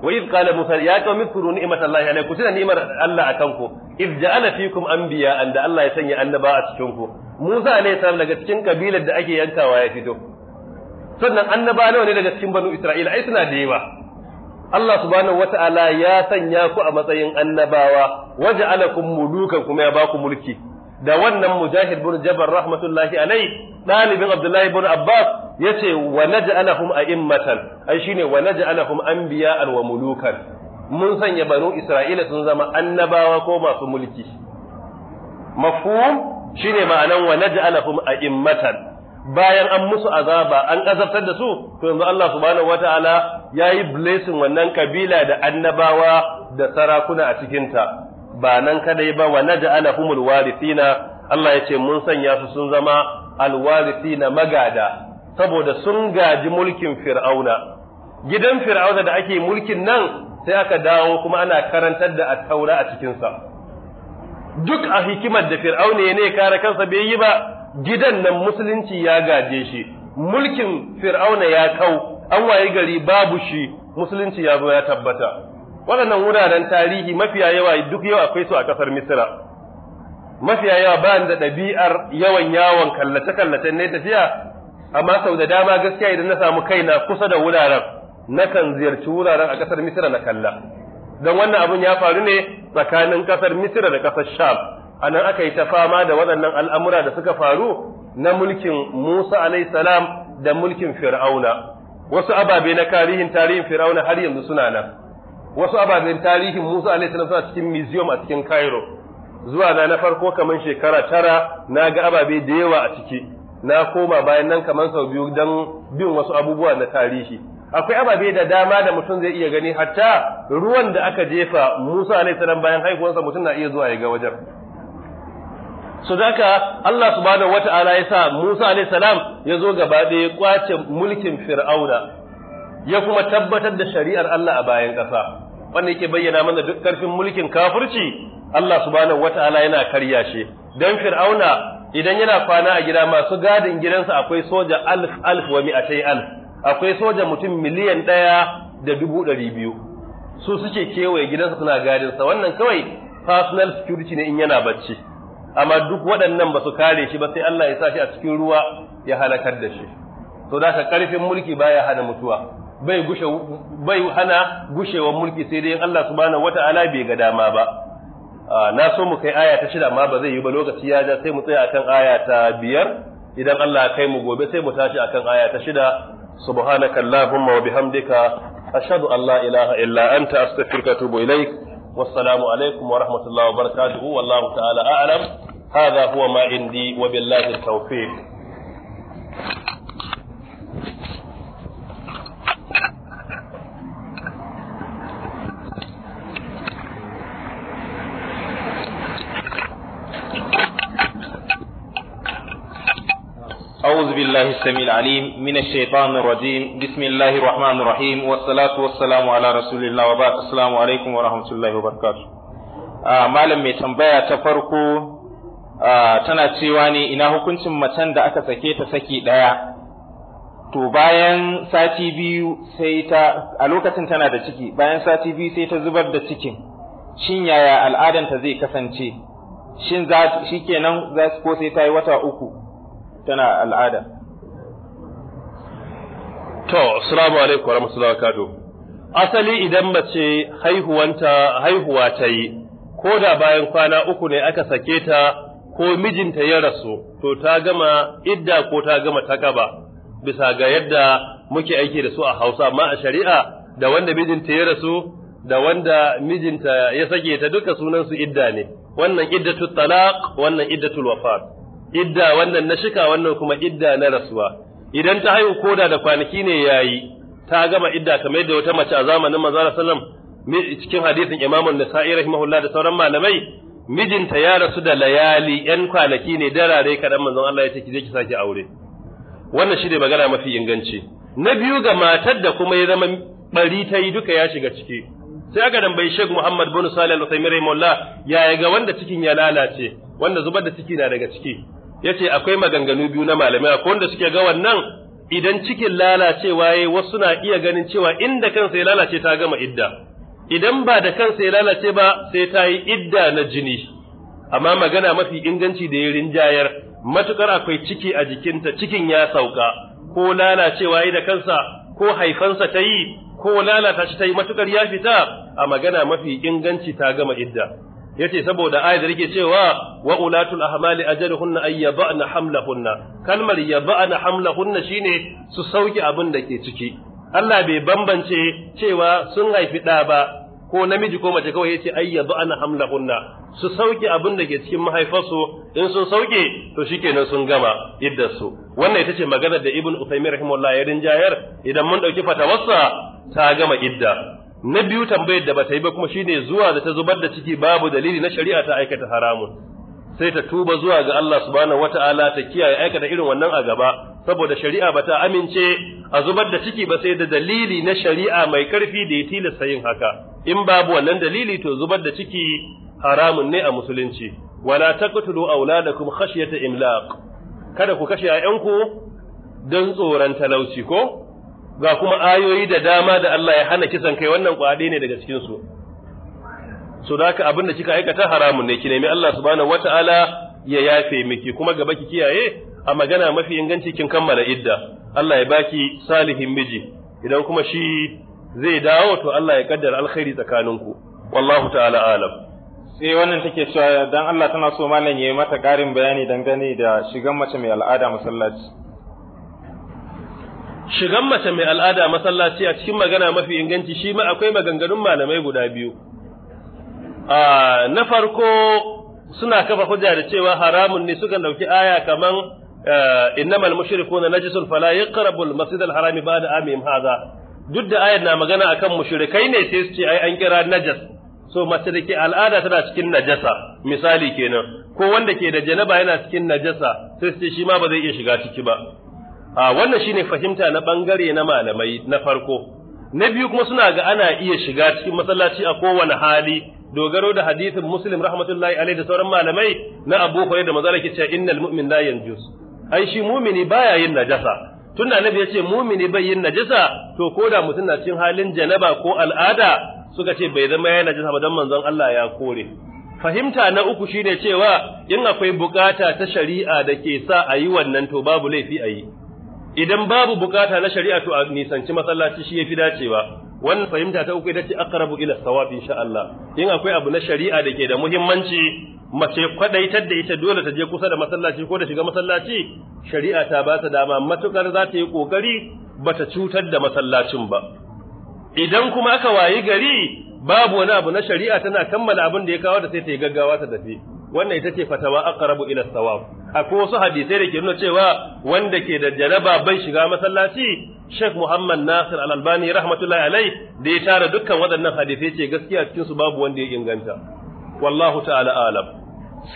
Speaker 1: wa idh qala musa ya qaumi zkuru ni'matallahi alaykum tuna ni'mar Allah akan ku idh ja'ala fikum anbiya'an da Allah ya sanya annaba a cikin ku Musa alayhi salam daga cikin kabilar da ake yankawa ya fito sannan annaba nawa ne daga cikin banu Isra'ila ai suna da yawa Allah subhanahu wata'ala ya sanya ku a matsayin annabawa waje alakun mulukan kuma ya baku mulki da wannan mujahid bin jabar rahmatullahi alai ɗalibin abdullahi bin abbas ya ce wa naj'alahum a'immatan ai shine wa an biya wa mulukan mun sanya banu isra'ila sun zama annabawa ko masu mulki mafhum shine ma'anan wa naj'alahum a'immatan bayan an musu azaba an azabtar da su to yanzu Allah subhanahu wataala yayi blessing wannan kabila da annabawa da sarakuna a cikin ta ba nan kadai ba wa humul warithina Allah ya ce mun sanya su sun zama alwarithina magada saboda sun gaji mulkin fir'auna gidan fir'auna da ake mulkin nan sai aka dawo kuma ana karantar da taura a cikin sa duk a hikimar da fir'auna ne kare kansa bai yi ba gidan nan musulunci ya gaje shi mulkin fir'auna ya kau an waye gari babu shi musulunci ya zo ya tabbata waɗannan wuraren tarihi mafiya yawa duk yau akwai su a ƙasar misira mafiya yawa ba da ɗabi'ar yawan yawon kallace kallace ne tafiya amma sau da dama gaskiya idan na samu kaina kusa da wuraren nakan ziyarci wuraren a ƙasar misira na kalla don wannan abun ya faru ne tsakanin ƙasar misira da ƙasar sham a nan aka yi ta fama da waɗannan al'amura da suka faru na mulkin Musa alaihissalam da mulkin Fir'auna, wasu ababe na tarihin tarihin Fir'auna har yanzu suna nan, wasu ababen tarihin Musa alaihissalam suna cikin museum a cikin Cairo, zuwa na na farko kamar shekara tara na ga ababe da yawa a ciki, na koma bayan nan kamar sau biyu don bin wasu abubuwa na tarihi. Akwai ababe da dama da mutum zai iya gani hatta ruwan da aka jefa Musa alaihissalam bayan haihuwarsa mutum na iya zuwa ya ga wajen. so daga Allah subhanahu wata'ala ya sa Musa alayhi salam ya zo gaba da ya kwace mulkin Fir'auna ya kuma tabbatar da shari'ar Allah a bayan ƙasa wanda yake bayyana mana duk karfin mulkin kafurci? Allah subhanahu wata'ala yana karya shi dan Fir'auna idan yana kwana a gida masu gadin gidansa akwai soja alf alf wa mi'atai alf akwai soja mutum miliyan ɗaya da dubu ɗari biyu su suke kewaye gidansa suna gadinsa wannan kawai personal security ne in yana bacci amma duk waɗannan ba su kare shi ba sai Allah ya sa shi a cikin ruwa ya halakar da shi to da ka karfin mulki baya hana mutuwa bai gushe bai hana gushewar mulki sai dai Allah subhanahu wata'ala bai ga dama ba na so mu kai aya ta shida amma ba zai yi ba lokaci ya ja sai mu tsaya akan aya ta biyar idan Allah ya kai mu gobe sai mu tashi akan aya ta shida subhanakallahumma wa bihamdika ashhadu an la ilaha illa anta astaghfiruka wa atubu ilaik wassalamu alaikum wa rahmatullahi wa barakatuhu wallahu ta'ala a'lam hadha huwa ma indi wa billahi tawfiq
Speaker 3: بالله السميع العليم من الشيطان الرجيم بسم الله الرحمن الرحيم والصلاة والسلام على رسول الله وبعد السلام عليكم ورحمة الله وبركاته malam mai tambaya ta farko tana cewa ne ina hukuncin macen da aka sake ta saki ɗaya to bayan sati biyu sai ta a lokacin tana da ciki bayan sati biyu sai ta zubar da cikin shin yaya al'adanta zai kasance shin za shikenan za ko sai ta yi wata uku tana al'ada to assalamu
Speaker 1: alaikum warahmatullahi wabarakatuh
Speaker 3: asali idan
Speaker 1: mace haihuwanta haihuwa ta yi ko da bayan kwana uku ne aka sake ta ko mijinta ya rasu to ta gama idda ko ta gama takaba bisa ga yadda muke aiki da su a Hausa amma a shari'a da wanda mijinta ya rasu da wanda mijinta ya sake ta duka sunan su idda ne wannan iddatul talaq wannan iddatul wafat idda wannan na shika wannan kuma idda na rasuwa idan ta haihu koda da kwanaki ne yayi ta gama idda kamar yadda wata mace a zamanin manzo sallam cikin hadisin Imam An-Nasa'i rahimahullah da sauran malamai mijinta ya rasu da layali yan kwanaki ne darare kadan manzon Allah ya ce ki saki aure wannan shi ne magana mafi inganci na biyu ga matar da kuma ya zama bari ta yi duka ya shiga ciki sai aka dambayi Sheikh Muhammad bin Salih Al-Uthaymeen rahimahullah ya ga wanda cikin ya lalace wanda zubar da ciki na daga ciki Ya ce akwai maganganu biyu na malamai akwai wanda suke ga wannan idan cikin lalacewa wasu na iya ganin cewa inda kansa ya lalace ta gama idda idan ba da kansa ya lalace ba sai ta yi idda na jini amma magana mafi inganci da ya rinjayar matukar akwai ciki a jikinta cikin ya sauka ko lalacewa yi da kansa ko haifansa ta yi ko lalata shi ta yi matukar ya fita a magana mafi inganci ta gama idda yace saboda ayat da yake cewa wa ulatul ahmali ajaluhunna ay yab'na hamlahunna kalmar yab'na hamlahunna shine su sauki abin da ke ciki Allah bai bambance cewa sun haifi da ba ko namiji ko mace kawai yace ay yab'na hamlahunna su sauki abin da ke cikin mahaifarsu in sun sauke to shikenan sun gama iddarsu. su wannan ita ce maganar da Ibn Uthaymeen rahimahullah ya rinjayar idan mun dauki fatawarsa ta gama idda na biyu tambayar da bata yi ba kuma shine zuwa da ta zubar da ciki babu dalili na shari'a ta aikata haramun sai ta tuba zuwa ga Allah subhanahu wata'ala ta kiyaye aikata irin wannan a gaba saboda shari'a bata amince a zubar da ciki ba sai da dalili na shari'a mai karfi da ya tilasta yin haka in babu wannan dalili to zubar da ciki haramun ne a musulunci wala taqtulu auladakum khashyata imlaq kada ku kashe 'ya'yanku don tsoron talauci ko ga kuma ayoyi da dama da Allah ya hana kisan kai wannan kwaɗe ne daga cikin su so da abin da kika aikata haramun ne ki nemi Allah subhanahu wataala ya yafe miki kuma gaba ki kiyaye a magana mafi inganci kin kammala idda Allah ya baki salihin miji idan kuma shi zai dawo to Allah ya kaddara alkhairi
Speaker 3: tsakaninku wallahu ta'ala alam sai wannan take cewa dan Allah tana so malam yayi mata karin bayani dangane da shigan mace mai al'ada masallaci
Speaker 1: shigan mace mai al'ada masallaci a cikin magana mafi inganci shi ma akwai maganganun malamai guda biyu na farko suna kafa hujja da cewa haramun ne suka dauki aya kaman e, innamal na najisun fala yaqrabu al harami ba'da amim hadha duk da ayar na magana akan mushrikai ne sai su ce ai an kira najas so mace al'ada tana cikin najasa misali kenan ko wanda ke da janaba yana cikin najasa sai su ce shi ma ba zai iya shiga ciki ba wannan shine fahimta na bangare na malamai na farko na biyu kuma suna ga ana iya shiga cikin masallaci a kowane hali dogaro da hadisin muslim rahmatullahi alaihi da sauran malamai na abu da maza ke cewa innal mu'min la yanjus ai shi mumini baya yin najasa tun da ya ce mumini bai yin najasa to koda mutum na cikin halin janaba ko al'ada suka ce bai zama yana najasa ba dan manzon Allah ya kore fahimta na uku shine cewa in akwai bukata ta shari'a da ke sa ayi wannan to babu laifi ayi idan babu bukata na shari'a to a nisanci masallaci shi yafi dacewa wannan fahimta ta uku ita ce aqrabu ila sawab insha Allah in akwai abu na shari'a da ke da muhimmanci mace kwadaitar da ita dole ta je kusa da masallaci ko da shiga masallaci shari'a ta ba ta dama matukar za ta yi kokari bata cutar da masallacin ba idan kuma aka wayi gari babu wani abu na shari'a tana kammala abin da ya kawo da sai ta yi gaggawa ta tafi wannan ita ce fatawa aqrabu ila sawab akwai wasu hadisai da ke nuna cewa wanda ke da jaraba bai shiga masallaci Sheikh Muhammad Nasir Al-Albani rahmatullahi alai da ya tara dukkan waɗannan hadisai
Speaker 3: ce gaskiya cikin su babu wanda ya inganta wallahu ta'ala alam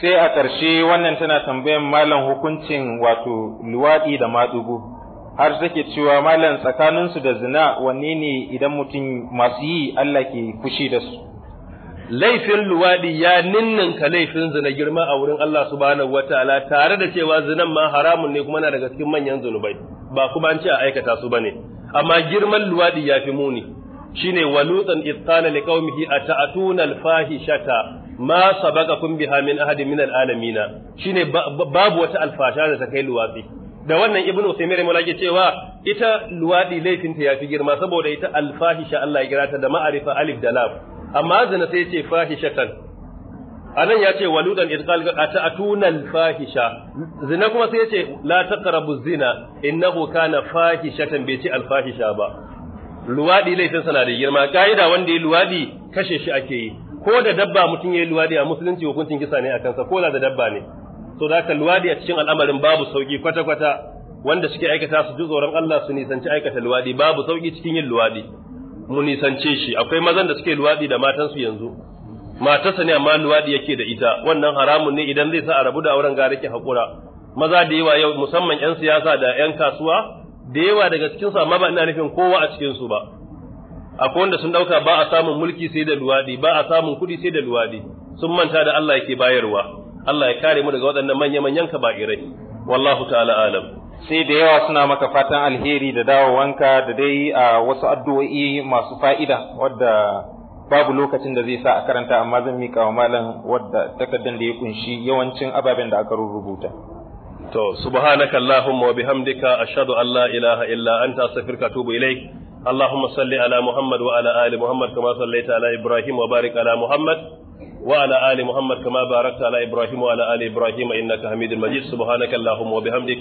Speaker 3: sai a ƙarshe wannan tana tambayan malam hukuncin wato luwaɗi da maɗugo har take cewa malam tsakaninsu da zina wanne ne idan mutum masu yi Allah ke fushi da su laifin luwaɗi ya ninninka laifin zina girma a wurin Allah
Speaker 1: subhanahu wataala tare da cewa zinan ma haramun ne kuma na daga cikin manyan zunubai ba kuma an ce a aikata su bane amma girman luwaɗi ya fi muni shine walutan itqala liqaumihi ata'tuna alfahishata ma sabaqakum biha min ahadin min alalamin shine babu wata alfasha da ta kai luwaɗi da wannan ibnu taymiyyah rahimahullah ke cewa ita luwaɗi laifinta ya fi girma saboda ita alfahisha Allah ya kira ta da ma'arifa alif da lam amma zina sai ce fahishatan anan ya ce waludan idqal ata'tuna al-fahisha zina kuma sai ce la taqrabu zina innahu kana fahishatan bai ce alfahisha ba luwadi laifin sana da girma kaida wanda ya luwadi kashe shi ake yi ko da dabba mutum ya luwadi a musulunci hukuncin kisa ne a kansa ko da dabba ne to da ka luwadi a cikin al'amarin babu sauki kwata kwata wanda suke aikata su ji tsoron Allah su nisanci aikata luwadi babu sauki cikin yin luwadi mu nisance shi akwai mazan da suke luwaɗi da matansu yanzu matarsa ne amma luwaɗi yake da ita wannan haramun ne idan zai sa a rabu da auren gara ke haƙura maza da yawa yau musamman 'yan siyasa da 'yan kasuwa da yawa daga cikinsu amma ba ina nufin kowa a cikin su ba akwai wanda sun ɗauka ba a samun mulki sai da luwaɗi ba a samun kuɗi sai da luwaɗi sun manta da Allah yake bayarwa Allah ya kare
Speaker 3: mu daga waɗannan manya-manyan kaba'irai wallahu ta'ala alam sai da yawa suna maka fatan alheri da dawowanka da dai a wasu addu'o'i masu fa'ida wadda babu lokacin da zai sa a karanta amma zan mika wa malam wadda takardar da ya kunshi yawancin ababen da aka rubuta to subhanaka
Speaker 1: allahumma wa bihamdika ashhadu an la ilaha illa anta astaghfiruka atubu ilaik اللهم صل على محمد وعلى آل محمد كما صليت على إبراهيم وبارك على محمد وعلى آل محمد كما باركت على إبراهيم وعلى آل إبراهيم إنك حميد مجيد سبحانك اللهم وبحمدك